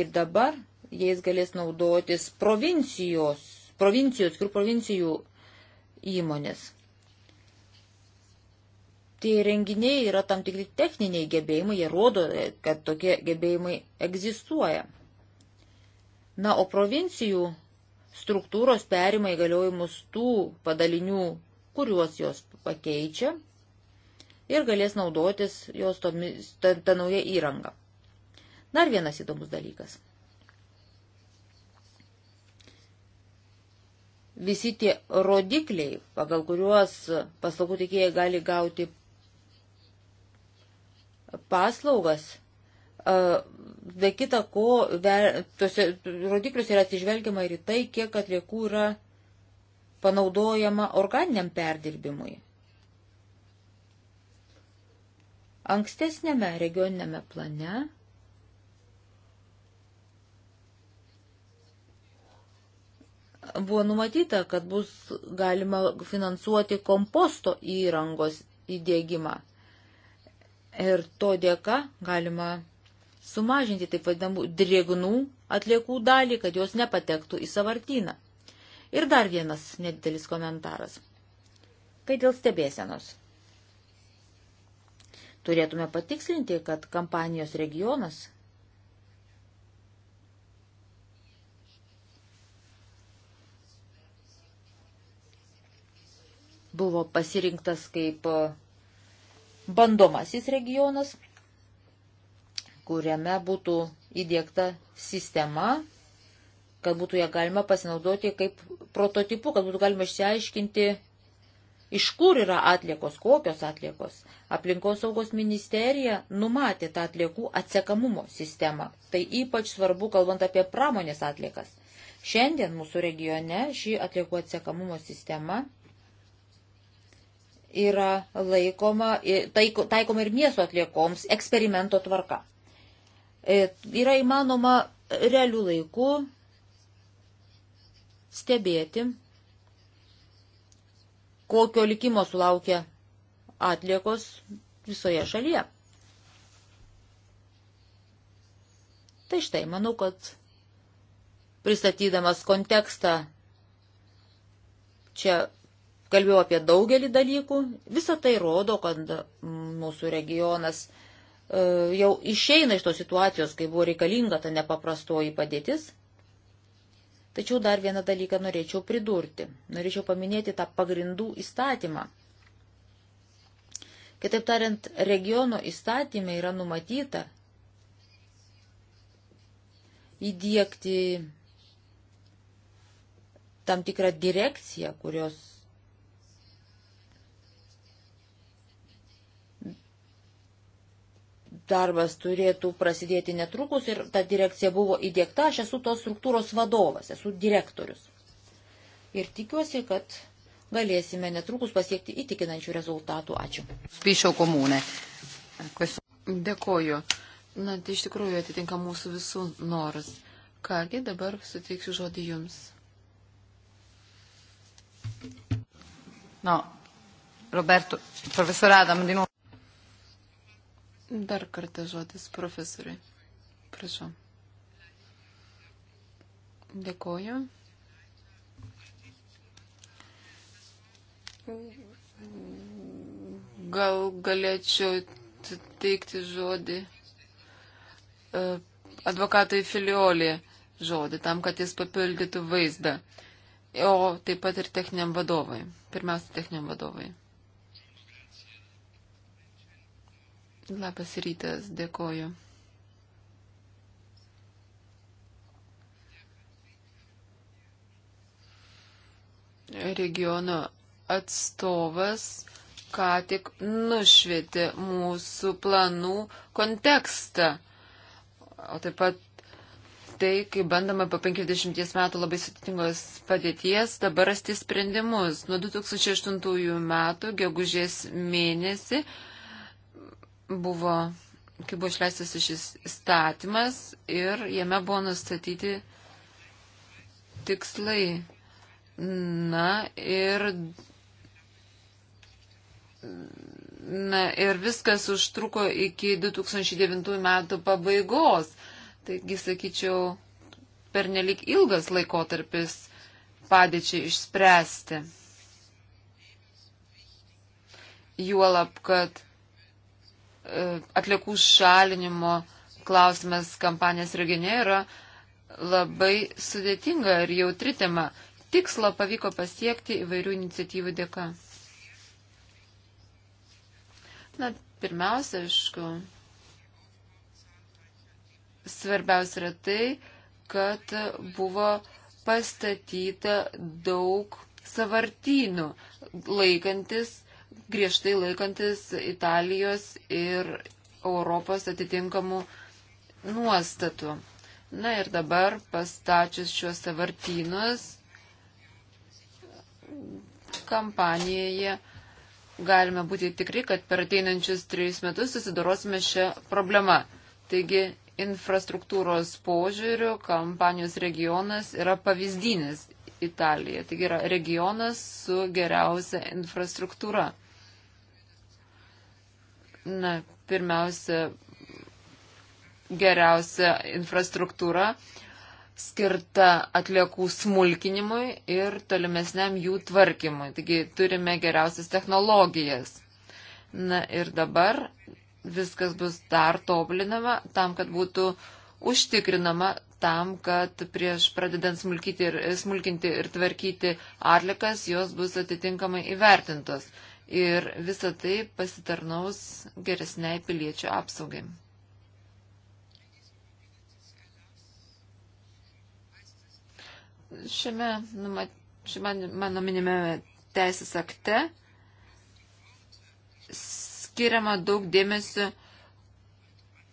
Ir dabar jais galės naudotis provincijos, provincijos ir provincijų įmonės. Tie renginiai yra tam tikri techniniai gebėjimai, jie rodo, kad tokie gebėjimai egzistuoja. Na, o provincijų struktūros perima įgaliojimus tų padalinių, kuriuos jos pakeičia ir galės naudotis jos tomis, ta, ta nauja įranga. Dar vienas įdomus dalykas. Visi tie rodikliai, pagal kuriuos paslaugų teikėjai gali gauti paslaugas, Be kita ko, tuose rodikliuose yra atsižvelgiama ir į tai, kiek atliekų yra panaudojama organiniam perdirbimui. Ankstesnėme regioninėme plane buvo numatyta, kad bus galima finansuoti komposto įrangos įdėgymą. Ir to dėka galima sumažinti taip vadinamų drėgnų atliekų dalį, kad jos nepatektų į savartyną. Ir dar vienas nedidelis komentaras. Kai dėl stebėsenos. Turėtume patikslinti, kad kampanijos regionas buvo pasirinktas kaip bandomasis regionas – kuriame būtų įdėkta sistema, kad būtų ją galima pasinaudoti kaip prototipu, kad būtų galima išsiaiškinti, iš kur yra atliekos, kokios atliekos. Aplinkos saugos ministerija numatė tą atliekų atsekamumo sistemą. Tai ypač svarbu, kalbant apie pramonės atliekas. Šiandien mūsų regione ši atliekų atsekamumo sistema yra laikoma, taiko, taikoma ir miesto atliekoms eksperimento tvarka. E, yra įmanoma realių laikų stebėti, kokio likimo sulaukia atliekos visoje šalyje. Tai štai, manau, kad pristatydamas kontekstą čia kalbėjau apie daugelį dalykų, visą tai rodo, kad mūsų regionas – E, jau išeina iš tos situacijos, kai buvo reikalinga ta nepaprastoji padėtis. Tačiau dar vieną dalyką norėčiau pridurti. Norėčiau paminėti tą pagrindų įstatymą. Kitaip tariant, regiono įstatymė yra numatyta įdėkti tam tikrą direkciją, kurios darbas turėtų prasidėti netrukus ir ta direkcija buvo įdėkta, aš esu tos struktūros vadovas, esu direktorius. Ir tikiuosi, kad galėsime netrukus pasiekti įtikinančių rezultatų. Ačiū.
Spyšio komūnė. Dėkoju. Na, tai iš tikrųjų atitinka mūsų visų noras. Kągi, dabar suteiksiu žodį jums. No, Roberto, profesor Adam, di nuovo. Dar kartą žodis profesoriui. Prašau. Dėkoju. Gal galėčiau teikti žodį e, advokatui filiolį žodį, tam, kad jis papildytų vaizdą. O taip pat ir techniniam vadovui. Pirmiausia, techniniam vadovui. Labas rytas, dėkoju. Regiono atstovas ką tik nušvietė mūsų planų kontekstą, o taip pat tai, kai bandama po 50 metų labai sudėtingos padėties dabar rasti sprendimus. Nuo 2008 metų, gegužės mėnesį, buvo, kai buvo išleistas šis įstatymas ir jame buvo nustatyti tikslai. Na ir Na, ir viskas užtruko iki 2009 metų pabaigos. Taigi, sakyčiau, pernelik ilgas laikotarpis padėčiai išspręsti. Juolab, kad atliekų šalinimo klausimas kampanijos regione yra labai sudėtinga ir jautri tema. Tikslo pavyko pasiekti įvairių iniciatyvų dėka. Na, pirmiausia, aišku, svarbiausia yra tai, kad buvo pastatyta daug savartynų, laikantis griežtai laikantis Italijos ir Europos atitinkamų nuostatų. Na ir dabar pastačius šiuos savartynus kampanijoje galime būti tikri, kad per ateinančius trejus metus susidorosime šią problemą. Taigi infrastruktūros požiūrių kampanijos regionas yra pavyzdinis Italija. Taigi yra regionas su geriausia infrastruktūra. Na, pirmiausia, geriausia infrastruktūra skirta atliekų smulkinimui ir tolimesniam jų tvarkymui. Taigi turime geriausias technologijas. Na ir dabar viskas bus dar tobulinama tam, kad būtų užtikrinama tam, kad prieš pradedant smulkinti ir, smulkinti ir tvarkyti atlikas, jos bus atitinkamai įvertintos ir visa tai pasitarnaus geresniai piliečių apsaugai. Šiame, numat, šiame mano minime teisės akte skiriama daug dėmesio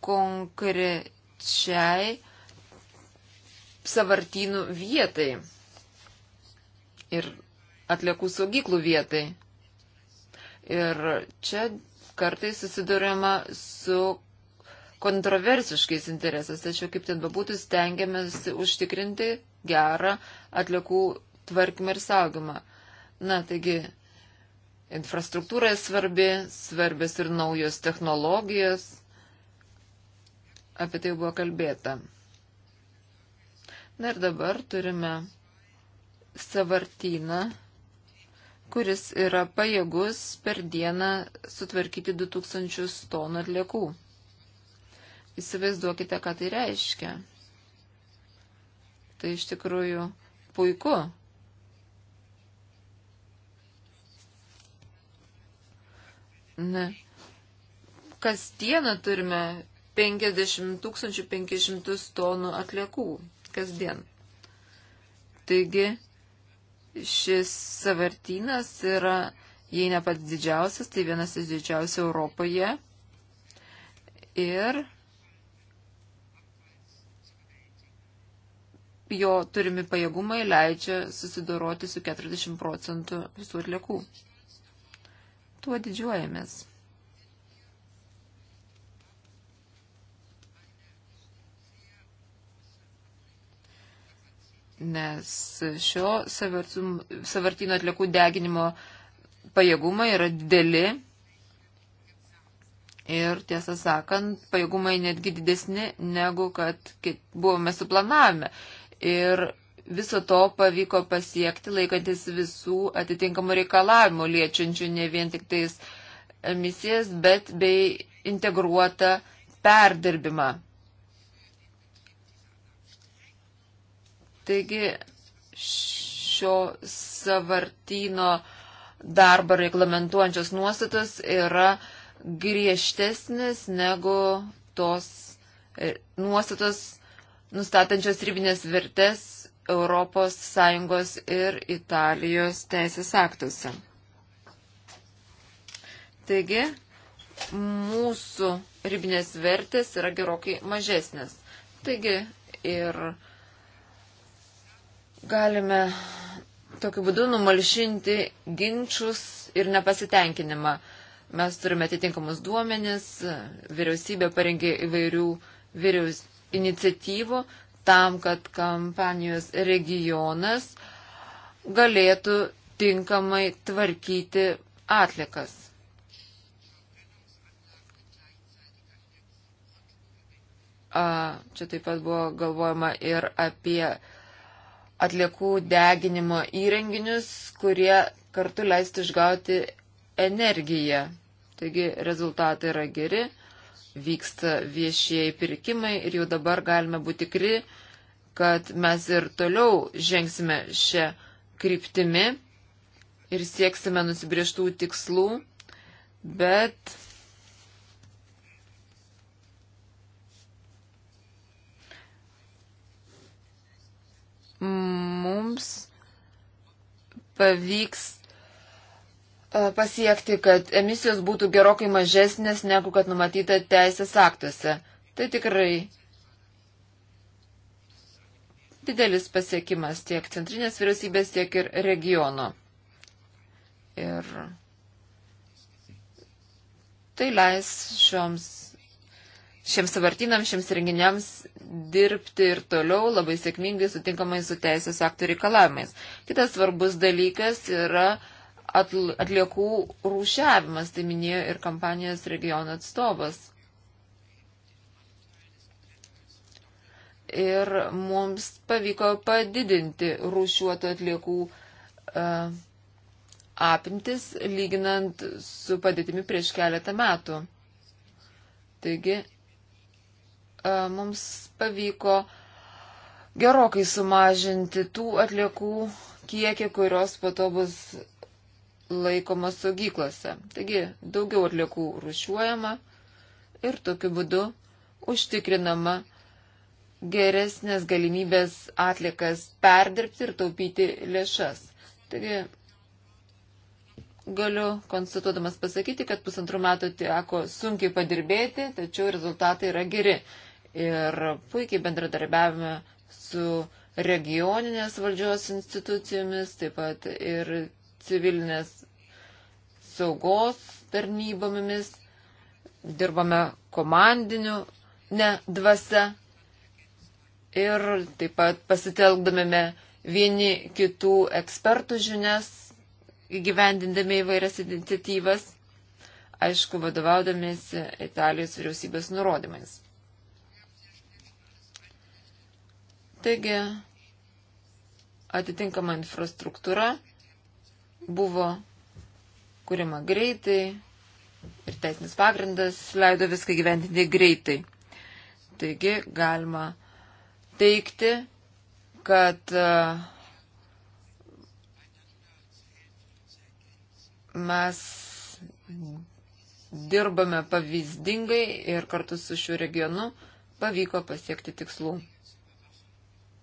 konkrečiai savartynų vietai ir atliekų saugyklų vietai. Ir čia kartais susidurima su kontroversiškais interesais, tačiau kaip ten bebūtų, stengiamės užtikrinti gerą atliekų tvarkymą ir saugimą. Na, taigi, infrastruktūra svarbi, svarbės ir naujos technologijos. Apie tai buvo kalbėta. Na ir dabar turime savartyną kuris yra pajėgus per dieną sutvarkyti 2000 tonų atliekų. Įsivaizduokite, ką tai reiškia. Tai iš tikrųjų puiku. Ne. Kasdieną turime 50 tūkstančių 500 tonų atliekų. Kasdien. Taigi, Šis savartynas yra, jei ne pats didžiausias, tai vienas iš didžiausių Europoje. Ir jo turimi pajėgumai leidžia susidoroti su 40 procentų visų atliekų. Tuo didžiuojamės. nes šio savartino atliekų deginimo pajėgumai yra dideli ir, tiesą sakant, pajėgumai netgi didesni negu kad buvome suplanavę. Ir viso to pavyko pasiekti laikantis visų atitinkamų reikalavimų, liečiančių ne vien tik tais emisijas, bet bei integruotą perdirbimą. Taigi šio savartino darbą reglamentuojančios nuostatos yra griežtesnis negu tos e, nuostatos nustatančios ribinės vertės ES ir Italijos teisės aktuose. Taigi, mūsų ribinės vertės yra gerokai mažesnės. Taigi, ir galime tokiu būdu numalšinti ginčius ir nepasitenkinimą. Mes turime atitinkamus duomenis, vyriausybė parengė įvairių vyriaus iniciatyvų tam, kad kampanijos regionas galėtų tinkamai tvarkyti atlikas. A, čia taip pat buvo galvojama ir apie atliekų deginimo įrenginius, kurie kartu leistų išgauti energiją. Taigi rezultatai yra geri, vyksta viešieji pirkimai ir jau dabar galime būti tikri, kad mes ir toliau žengsime šią kryptimį ir sieksime nusibrieštų tikslų, bet mums pavyks e, pasiekti, kad emisijos būtų gerokai mažesnės negu kad numatyta teisės aktuose. Tai tikrai didelis pasiekimas tiek centrinės vyriausybės, tiek ir regiono. Ir tai leis šioms šiems savartinams, šiems renginiams dirbti ir toliau labai sėkmingai sutinkamai su teisės aktų reikalavimais. Kitas svarbus dalykas yra atliekų rūšiavimas, tai minėjo ir kampanijos regiono atstovas. Ir mums pavyko padidinti rūšiuotų atliekų uh, apimtis, lyginant su padėtimi prieš keletą metų. Taigi, mums pavyko gerokai sumažinti tų atliekų kiekį, kurios po to bus laikomos saugyklose. Taigi daugiau atliekų rušiuojama ir tokiu būdu užtikrinama geresnės galimybės atlikas perdirbti ir taupyti lėšas. Taigi galiu konstatuodamas pasakyti, kad pusantrų metų teko sunkiai padirbėti, tačiau rezultatai yra geri ir puikiai bendradarbiavime su regioninės valdžios institucijomis, taip pat ir civilinės saugos tarnybomis, dirbame komandiniu, ne dvasia ir taip pat pasitelkdamėme vieni kitų ekspertų žinias, įgyvendindami įvairias iniciatyvas, aišku, vadovaudamėsi Italijos vyriausybės nurodymais. Taigi, atitinkama infrastruktūra buvo kūrima greitai ir teisinis pagrindas leido viską gyventinti greitai. Taigi, galima teikti, kad e, mes dirbame pavyzdingai ir kartu su šiuo regionu pavyko pasiekti tikslų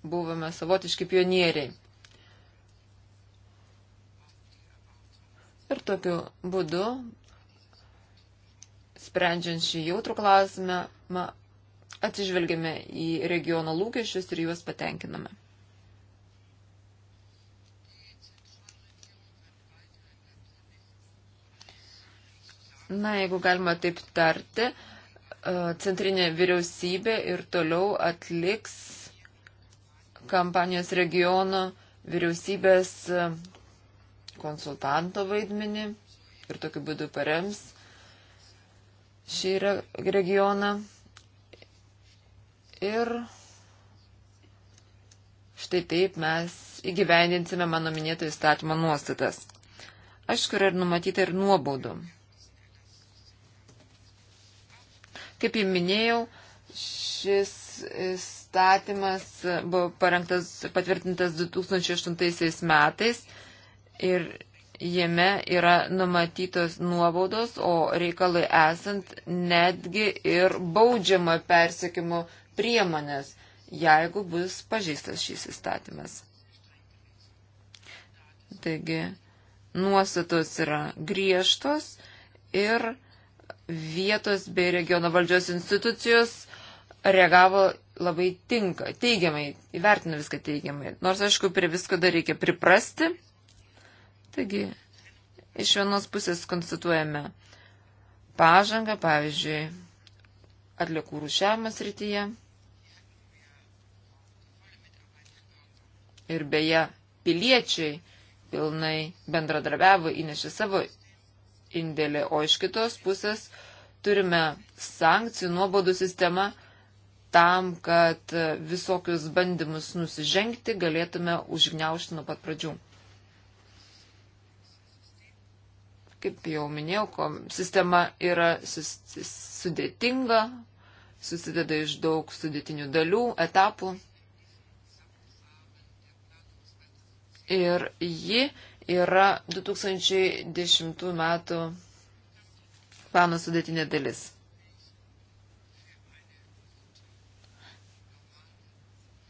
buvome savotiški pionieriai. Ir tokiu būdu, sprendžiant šį jautrų klausimą, atsižvelgiame į regiono lūkesčius ir juos patenkiname. Na, jeigu galima taip tarti, centrinė vyriausybė ir toliau atliks kampanijos regiono vyriausybės e, konsultanto vaidmenį ir tokiu būdu parems šį re regioną. Ir štai taip mes įgyvendinsime mano minėto įstatymo nuostatas. Aišku, yra ir numatyta ir nuobaudų. Kaip jau minėjau, šis įstatymas buvo parengtas, patvirtintas 2008 metais ir jame yra numatytos nuobaudos, o reikalai esant netgi ir baudžiama persiekimo priemonės, jeigu bus pažįstas šis įstatymas. Taigi, nuostatos yra griežtos ir vietos bei regiono valdžios institucijos reagavo labai tinka, teigiamai, įvertinu viską teigiamai. Nors, aišku, prie visko dar reikia priprasti. Taigi, iš vienos pusės konstatuojame pažangą, pavyzdžiui, atliekų rūšiavimas rytyje. Ir beje, piliečiai pilnai bendradarbiavo, įnešė savo indėlį, o iš kitos pusės turime sankcijų nuobodų sistemą, tam, kad visokius bandymus nusižengti galėtume užgniaužti nuo pat pradžių. Kaip jau minėjau, kom, sistema yra sus, sudėtinga, susideda iš daug sudėtinių dalių, etapų. Ir ji yra 2010 metų plano sudėtinė dalis.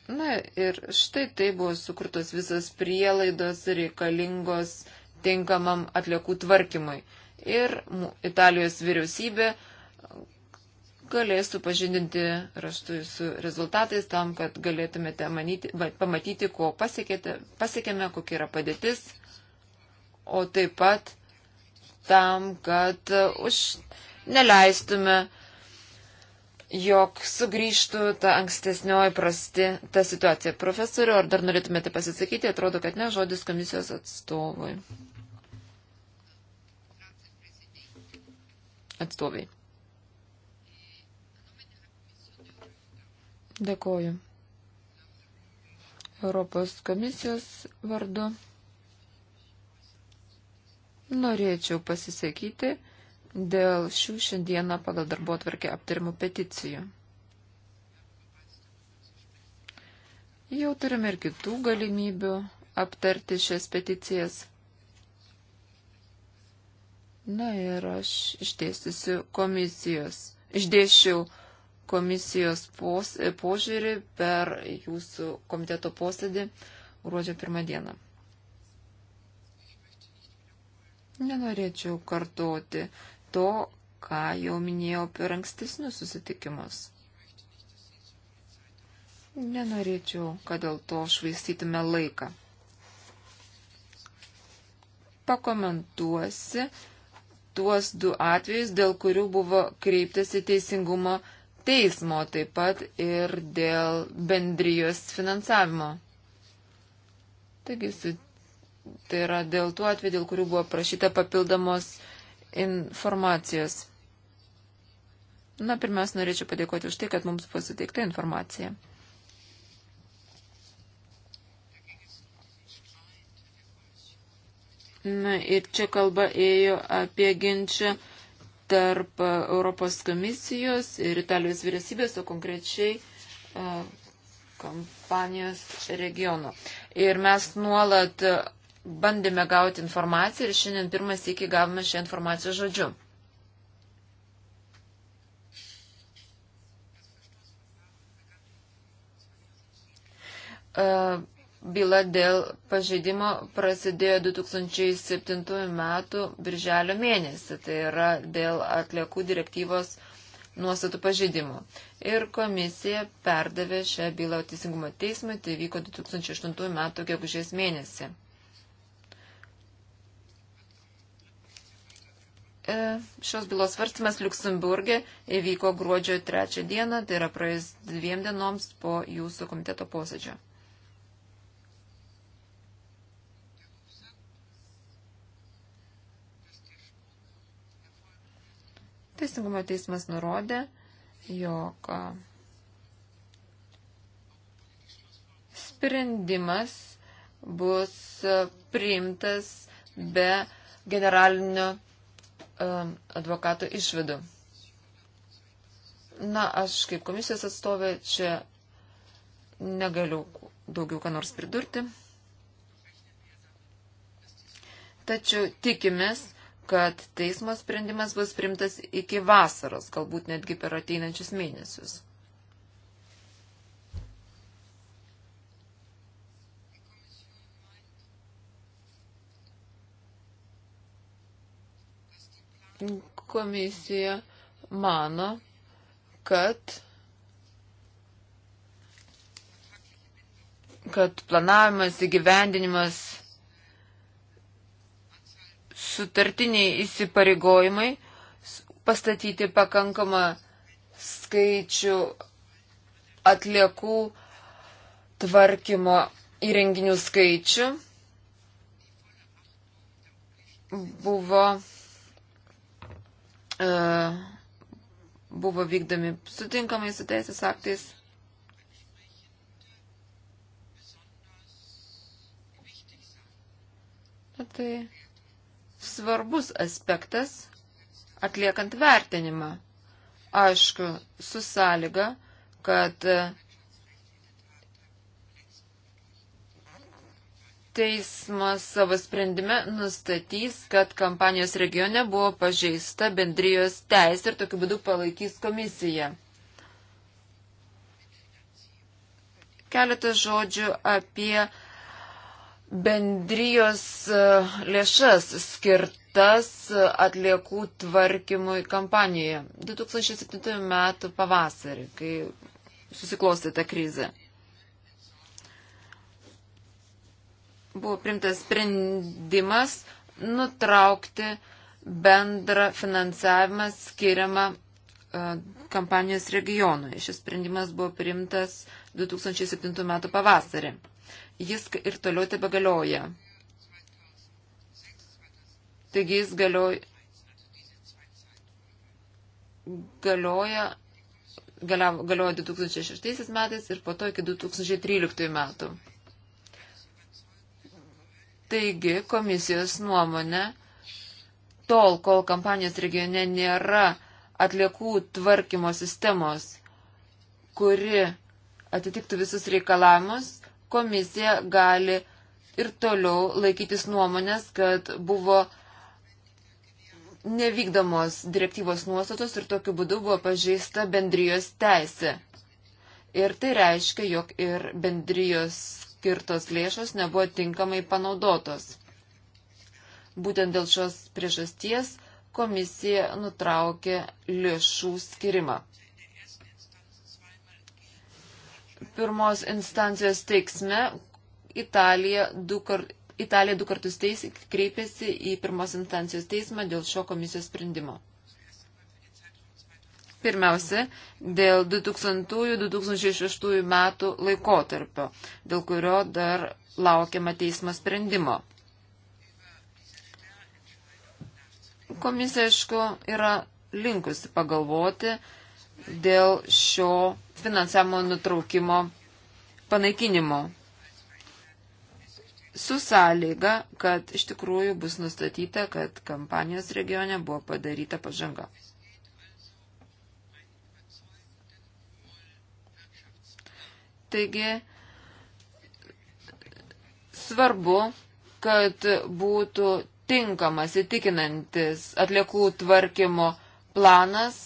Na ir štai tai buvo sukurtos visas prielaidos reikalingos tinkamam atliekų tvarkymui. Ir Italijos vyriausybė galės supažindinti raštu su rezultatais tam, kad galėtumėte manyti, pamatyti, ko pasiekėme, kokia yra padėtis, o taip pat tam, kad už, neleistume jog sugrįžtų ta ankstesnioji prasti ta situacija. Profesoriu, ar dar norėtumėte pasisakyti? Atrodo, kad ne, žodis komisijos atstovui. Atstovai. Dėkoju. Europos komisijos vardu norėčiau pasisakyti dėl šių šiandieną pagal darbo atvarkę aptarimų peticijų. Jau turime ir kitų galimybių aptarti šias peticijas. Na ir aš išdėstysiu komisijos, išdėšiau komisijos pos, požiūrį per jūsų komiteto posėdį gruodžio pirmą dieną. Nenorėčiau kartoti to, ką jau minėjau per ankstesnius susitikimus. Nenorėčiau, kad dėl to švaistytume laiką. Pakomentuosi tuos du atvejus, dėl kurių buvo kreiptasi teisingumo teismo, taip pat ir dėl bendrijos finansavimo. Taigi, tai yra dėl tų atvejų, dėl kurių buvo prašyta papildomos informacijos. Na, pirmiausia, norėčiau padėkoti už tai, kad mums pasiteikta informacija. Na, ir čia kalba ėjo apie ginčią tarp e, Europos komisijos ir Italijos vyriausybės, o konkrečiai e, kompanijos regiono. Ir mes nuolat bandėme gauti informaciją ir šiandien pirmas iki gavome šią informaciją žodžiu. E, byla dėl pažeidimo prasidėjo 2007 metų birželio mėnesį, tai yra dėl atliekų direktyvos nuostatų pažeidimų. Ir komisija perdavė šią bylą teisingumo teismui, tai vyko 2008 metų gegužės mėnesį. E, šios bylos svarstymas Luksemburgė įvyko gruodžio 3 dieną, tai yra praėjus dviem dienoms po jūsų komiteto posėdžio. Teisingumo teismas nurodė, jog sprendimas bus priimtas be generalinio Um, advokato išvedų. Na, aš kaip komisijos atstovė čia negaliu daugiau ką nors pridurti. Tačiau tikimės, kad teismo sprendimas bus primtas iki vasaros, galbūt netgi per ateinančius mėnesius. Komisija mano, kad kad planavimas, įgyvendinimas, sutartiniai įsipareigojimai pastatyti pakankamą skaičių atliekų tvarkymo įrenginių skaičių buvo E, buvo vykdomi sutinkamai su teisės aktais. Na, tai svarbus aspektas atliekant vertinimą. Aišku, su sąlyga, kad uh, Teismas savo sprendime nustatys, kad kampanijos regione buvo pažeista bendrijos teisė ir tokiu būdu palaikys komisiją. Keletas žodžių apie bendrijos e, lėšas skirtas atliekų tvarkymui kampanijoje 2007 m. pavasarį, kai susiklostė ta krizė. buvo primtas sprendimas nutraukti bendrą finansavimą skiriamą e, kampanijos regionui. Šis sprendimas buvo priimtas 2007 m. pavasarį. Jis ir toliau tebe galioja. Taigi jis galioja, galioja, galioja 2006 metais ir po to iki 2013 metų. Taigi, komisijos nuomonė, tol, kol kampanijos regione nėra atliekų tvarkymo sistemos, kuri atitiktų visus reikalavimus, komisija gali ir toliau laikytis nuomonės, kad buvo nevykdomos direktyvos nuostatos ir tokiu būdu buvo pažeista bendrijos teisė. Ir tai reiškia, jog ir bendrijos skirtos lėšos nebuvo tinkamai panaudotos. Būtent dėl šios priežasties komisija nutraukė lėšų skirimą. Pirmos instancijos teiksme Italija du, kar, Italija du kartus teis, kreipėsi į pirmos instancijos teismą dėl šio komisijos sprendimo. Pirmiausia, dėl 2000-2006 metų laikotarpio, dėl kurio dar laukiama teismo sprendimo. Komisija, aišku, yra linkusi pagalvoti dėl šio finansavimo nutraukimo panaikinimo. Su sąlyga, kad iš tikrųjų bus nustatyta, kad kampanijos regione buvo padaryta pažanga. Taigi svarbu, kad būtų tinkamas įtikinantis atliekų tvarkymo planas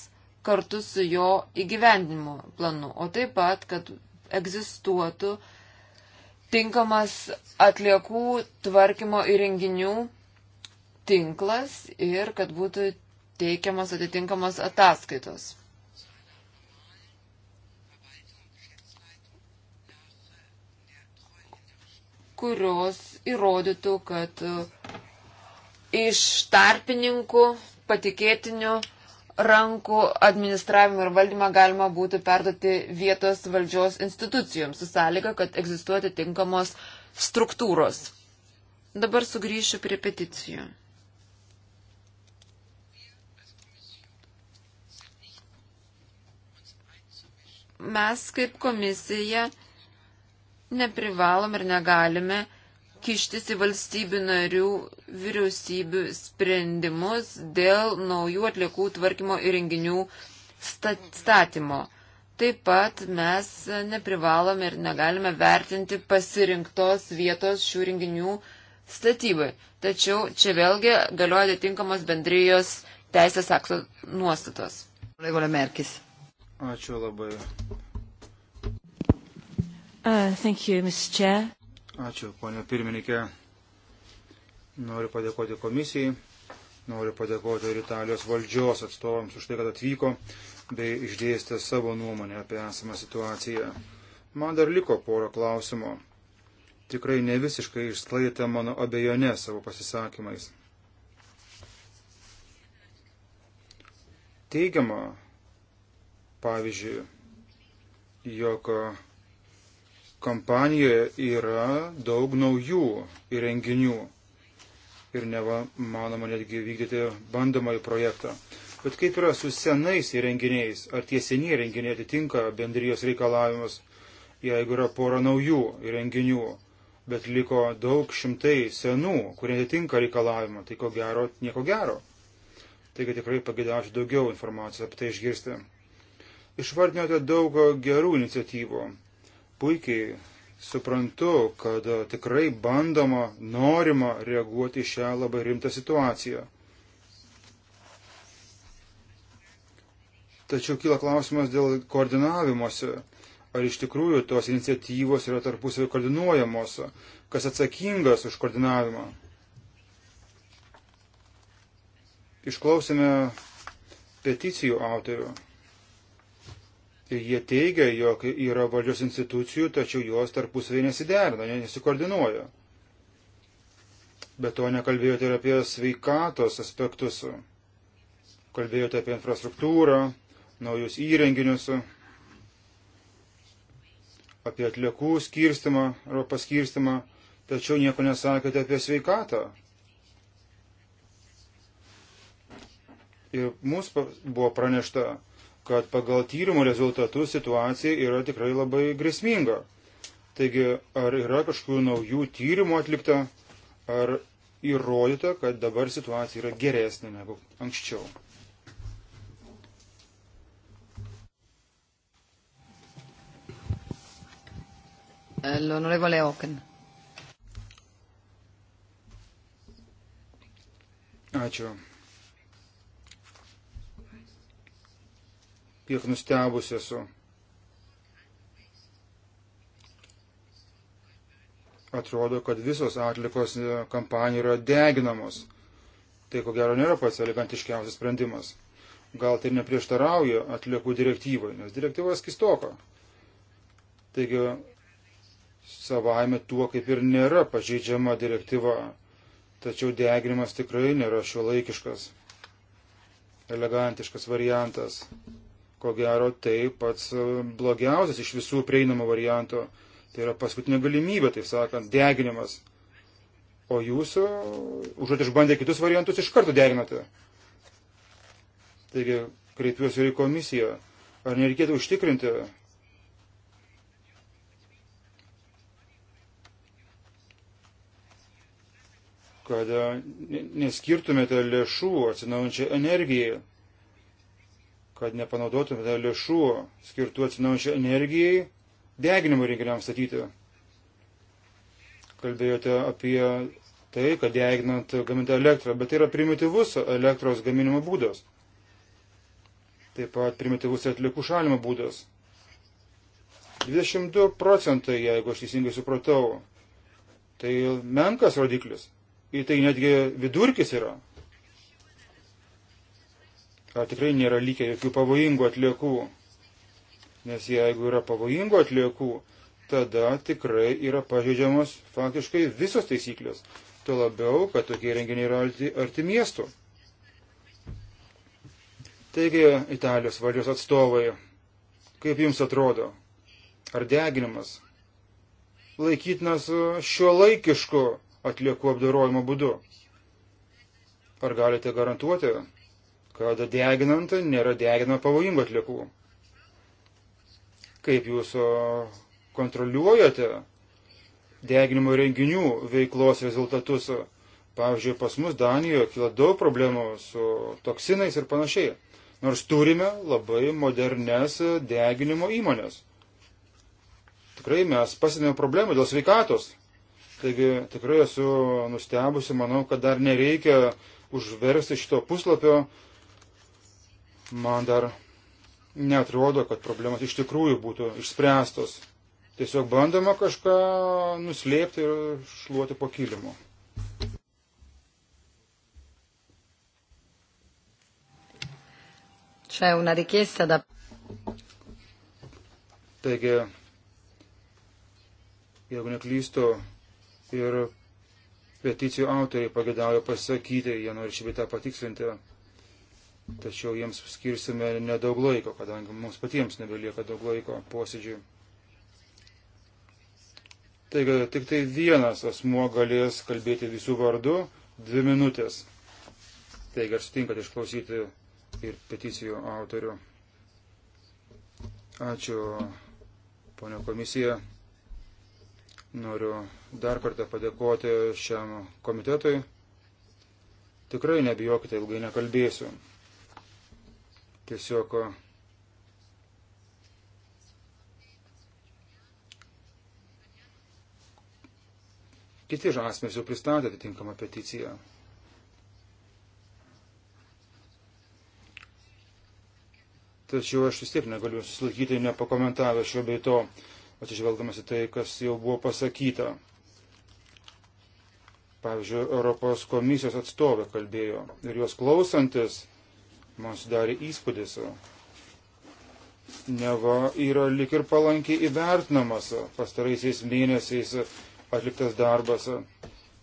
kartu su jo įgyvendinimo planu, o taip pat, kad egzistuotų tinkamas atliekų tvarkymo įrenginių tinklas ir kad būtų teikiamas atitinkamos ataskaitos. kurios įrodytų, kad e, iš tarpininkų patikėtinių rankų administravimą ir valdymą galima būtų perduoti vietos valdžios institucijoms, su sąlyga, kad egzistuoja tinkamos struktūros. Dabar sugrįšiu prie peticijų. Mes kaip komisija neprivalom ir negalime kištis į valstybių narių vyriausybių sprendimus dėl naujų atliekų tvarkymo įrenginių statymo. Taip pat mes neprivalome ir negalime vertinti pasirinktos vietos šių renginių statybai. Tačiau čia vėlgi galioja atitinkamos bendrijos teisės akto nuostatos.
Ačiū labai. Uh, thank
you, Mr. Chair.
Ačiū, ponė pirmininkė. Noriu padėkoti komisijai, noriu padėkoti ir Italijos valdžios atstovams už tai, kad atvyko bei išdėstė savo nuomonę apie esamą situaciją. Man dar liko poro klausimų. Tikrai ne visiškai išsklaidėte mano abejonę savo pasisakymais. Teigiama, pavyzdžiui, jog kompanijoje yra daug naujų įrenginių ir neva manoma netgi vykdyti bandomąjį projektą. Bet kaip yra su senais įrenginiais, ar tie seniai įrenginiai atitinka bendrijos reikalavimus, jeigu yra pora naujų įrenginių, bet liko daug šimtai senų, kurie atitinka reikalavimą, tai ko gero, nieko gero. Taigi tikrai pagėdaučiau daugiau informacijos apie tai išgirsti. Išvardinote daug gerų iniciatyvų, puikiai suprantu, kad e, tikrai bandoma, norima reaguoti šią labai rimtą situaciją. Tačiau kyla klausimas dėl koordinavimuose. Ar iš tikrųjų tos iniciatyvos yra tarpusavio koordinuojamos? Kas atsakingas už koordinavimą? Išklausėme peticijų autorių. Jie teigia, jog yra valdžios institucijų, tačiau jos tarpusavį nesiderina, nesikoordinuoja. Be to nekalbėjote ir apie sveikatos aspektus. Kalbėjote apie infrastruktūrą, naujus įrenginius, apie atliekų skirstimą ar paskirstimą, tačiau nieko nesakėte apie sveikatą. Ir mums buvo pranešta, kad pagal tyrimų rezultatus situacija yra tikrai labai grėsminga. Taigi, ar yra kažkokių naujų tyrimų atlikta, ar įrodyta, kad dabar situacija yra geresnė negu anksčiau?
Eh, l'onorevole Oken.
Ačiū. kiek nustebusi esu. Atrodo, kad visos atlikos kampanijų yra deginamos. Tai ko gero nėra pats elegantiškiausias sprendimas. Gal tai neprieštarauja atliekų direktyvai, nes direktyva skistoka. Taigi savaime tuo kaip ir nėra pažeidžiama direktyva, tačiau deginimas tikrai nėra šiuolaikiškas, elegantiškas variantas ko gero tai pats e, blogiausias iš visų prieinamų variantų. Tai yra paskutinė galimybė, taip sakant, deginimas. O jūs, e, užuot išbandę kitus variantus, iš karto deginate. Taigi, kreipiuosi ir į komisiją. Ar nereikėtų užtikrinti, kad e, neskirtumėte lėšų atsinaujančiai energijai? kad nepanaudotume lėšų skirtų atsinaujančiai energijai deginimo rinkiniams statyti. Kalbėjote apie tai, kad deginant gamintą elektrą, bet tai yra primityvus elektros gaminimo būdas. Taip pat primityvus atlikų šalimo būdas. 22 procentai, jeigu aš teisingai supratau, tai menkas rodiklis. Ir tai netgi vidurkis yra tikrai nėra lygiai jokių pavojingų atliekų. Nes jeigu yra pavojingų atliekų, tada tikrai yra pažeidžiamos faktiškai visos taisyklės. Tuo labiau, kad tokie renginiai yra arti, arti miestų. Taigi, Italijos valdžios atstovai, kaip jums atrodo, ar deginimas laikytinas šio laikišku atliekų apdarojimo būdu? Ar galite garantuoti, kad deginant nėra deginama pavojingų atliekų. Kaip jūs kontroliuojate deginimo renginių veiklos rezultatus? Pavyzdžiui, pas mus Danijoje kyla daug problemų su toksinais ir panašiai. Nors turime labai modernes deginimo įmonės. Tikrai mes pasidėme problemų dėl sveikatos. Taigi tikrai esu nustebusi, manau, kad dar nereikia užversti šito puslapio, man dar netrodo, kad problemas iš tikrųjų būtų išspręstos. Tiesiog bandoma kažką nuslėpti ir šluoti po kilimu.
Čia una richiesta da.
Taigi, jeigu neklystu, ir peticijų autoriai pagėdavo pasakyti, jie nori šį bitą patikslinti tačiau jiems skirsime nedaug laiko, kadangi mums patiems nebelieka daug laiko posėdžiui. Taigi tik tai vienas asmuo galės kalbėti visų vardu dvi minutės. Taigi ar sutinkate išklausyti ir peticijų autorių? Ačiū, ponio komisija. Noriu dar kartą padėkoti šiam komitetui. Tikrai nebijokite, ilgai nekalbėsiu tiesiog kiti žasmės jau pristatė atitinkamą peticiją. Tačiau aš vis tiek negaliu susilaikyti nepakomentavę šio bei to, atsižvelgdamas į tai, kas jau buvo pasakyta. Pavyzdžiui, Europos komisijos atstovė kalbėjo ir jos klausantis man sudarė įspūdis, neva yra lik ir palankiai įvertinamas pastaraisiais mėnesiais atliktas darbas,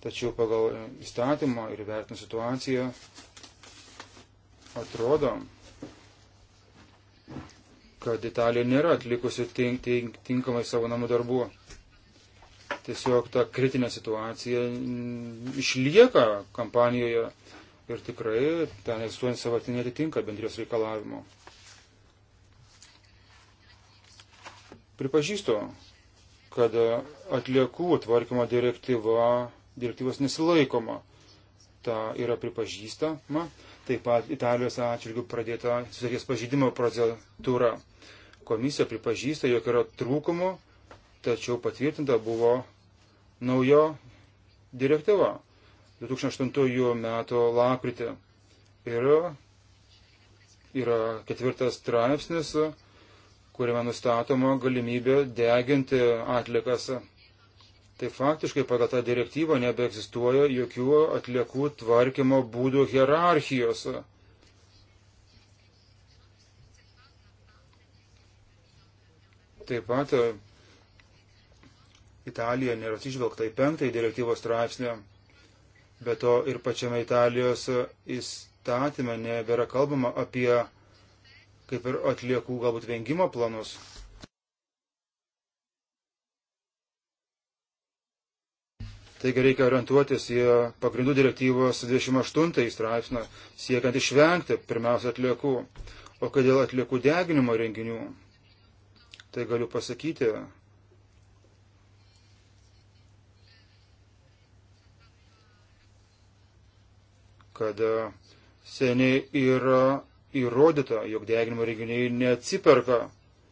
tačiau pagal įstatymą ir vertinant situaciją atrodo, kad Italija nėra atlikusi tink, tink, tinkamai savo namų darbų. Tiesiog ta kritinė situacija išlieka kampanijoje ir tikrai ten egzistuojant savartinė atitinka bendrijos reikalavimo. Pripažįstu, kad atliekų tvarkymo direktyva, direktyvos nesilaikoma. Ta yra pripažįstama. Taip pat Italijos atžvilgių pradėta sutarties pažydimo procedūra. Komisija pripažįsta, jog yra trūkumų, tačiau patvirtinta buvo naujo direktyva. 2008 metų lakrytį. Ir yra ketvirtas straipsnis, kuriame nustatoma galimybė deginti atlikas. Tai faktiškai pagal tą direktyvą nebeegzistuoja jokių atliekų tvarkymo būdų hierarchijos. Taip pat Italija nėra atsižvelgta į penktąjį direktyvos straipsnį. Be to ir pačiame Italijos įstatymė nebėra kalbama apie kaip ir atliekų galbūt vengimo planus. Taigi reikia orientuotis į pagrindų direktyvos 28 straipsnį, siekiant išvengti pirmiausia atliekų. O kai dėl atliekų deginimo renginių, tai galiu pasakyti, kad e, seniai yra įrodyta, jog deginimo reginiai neatsiperka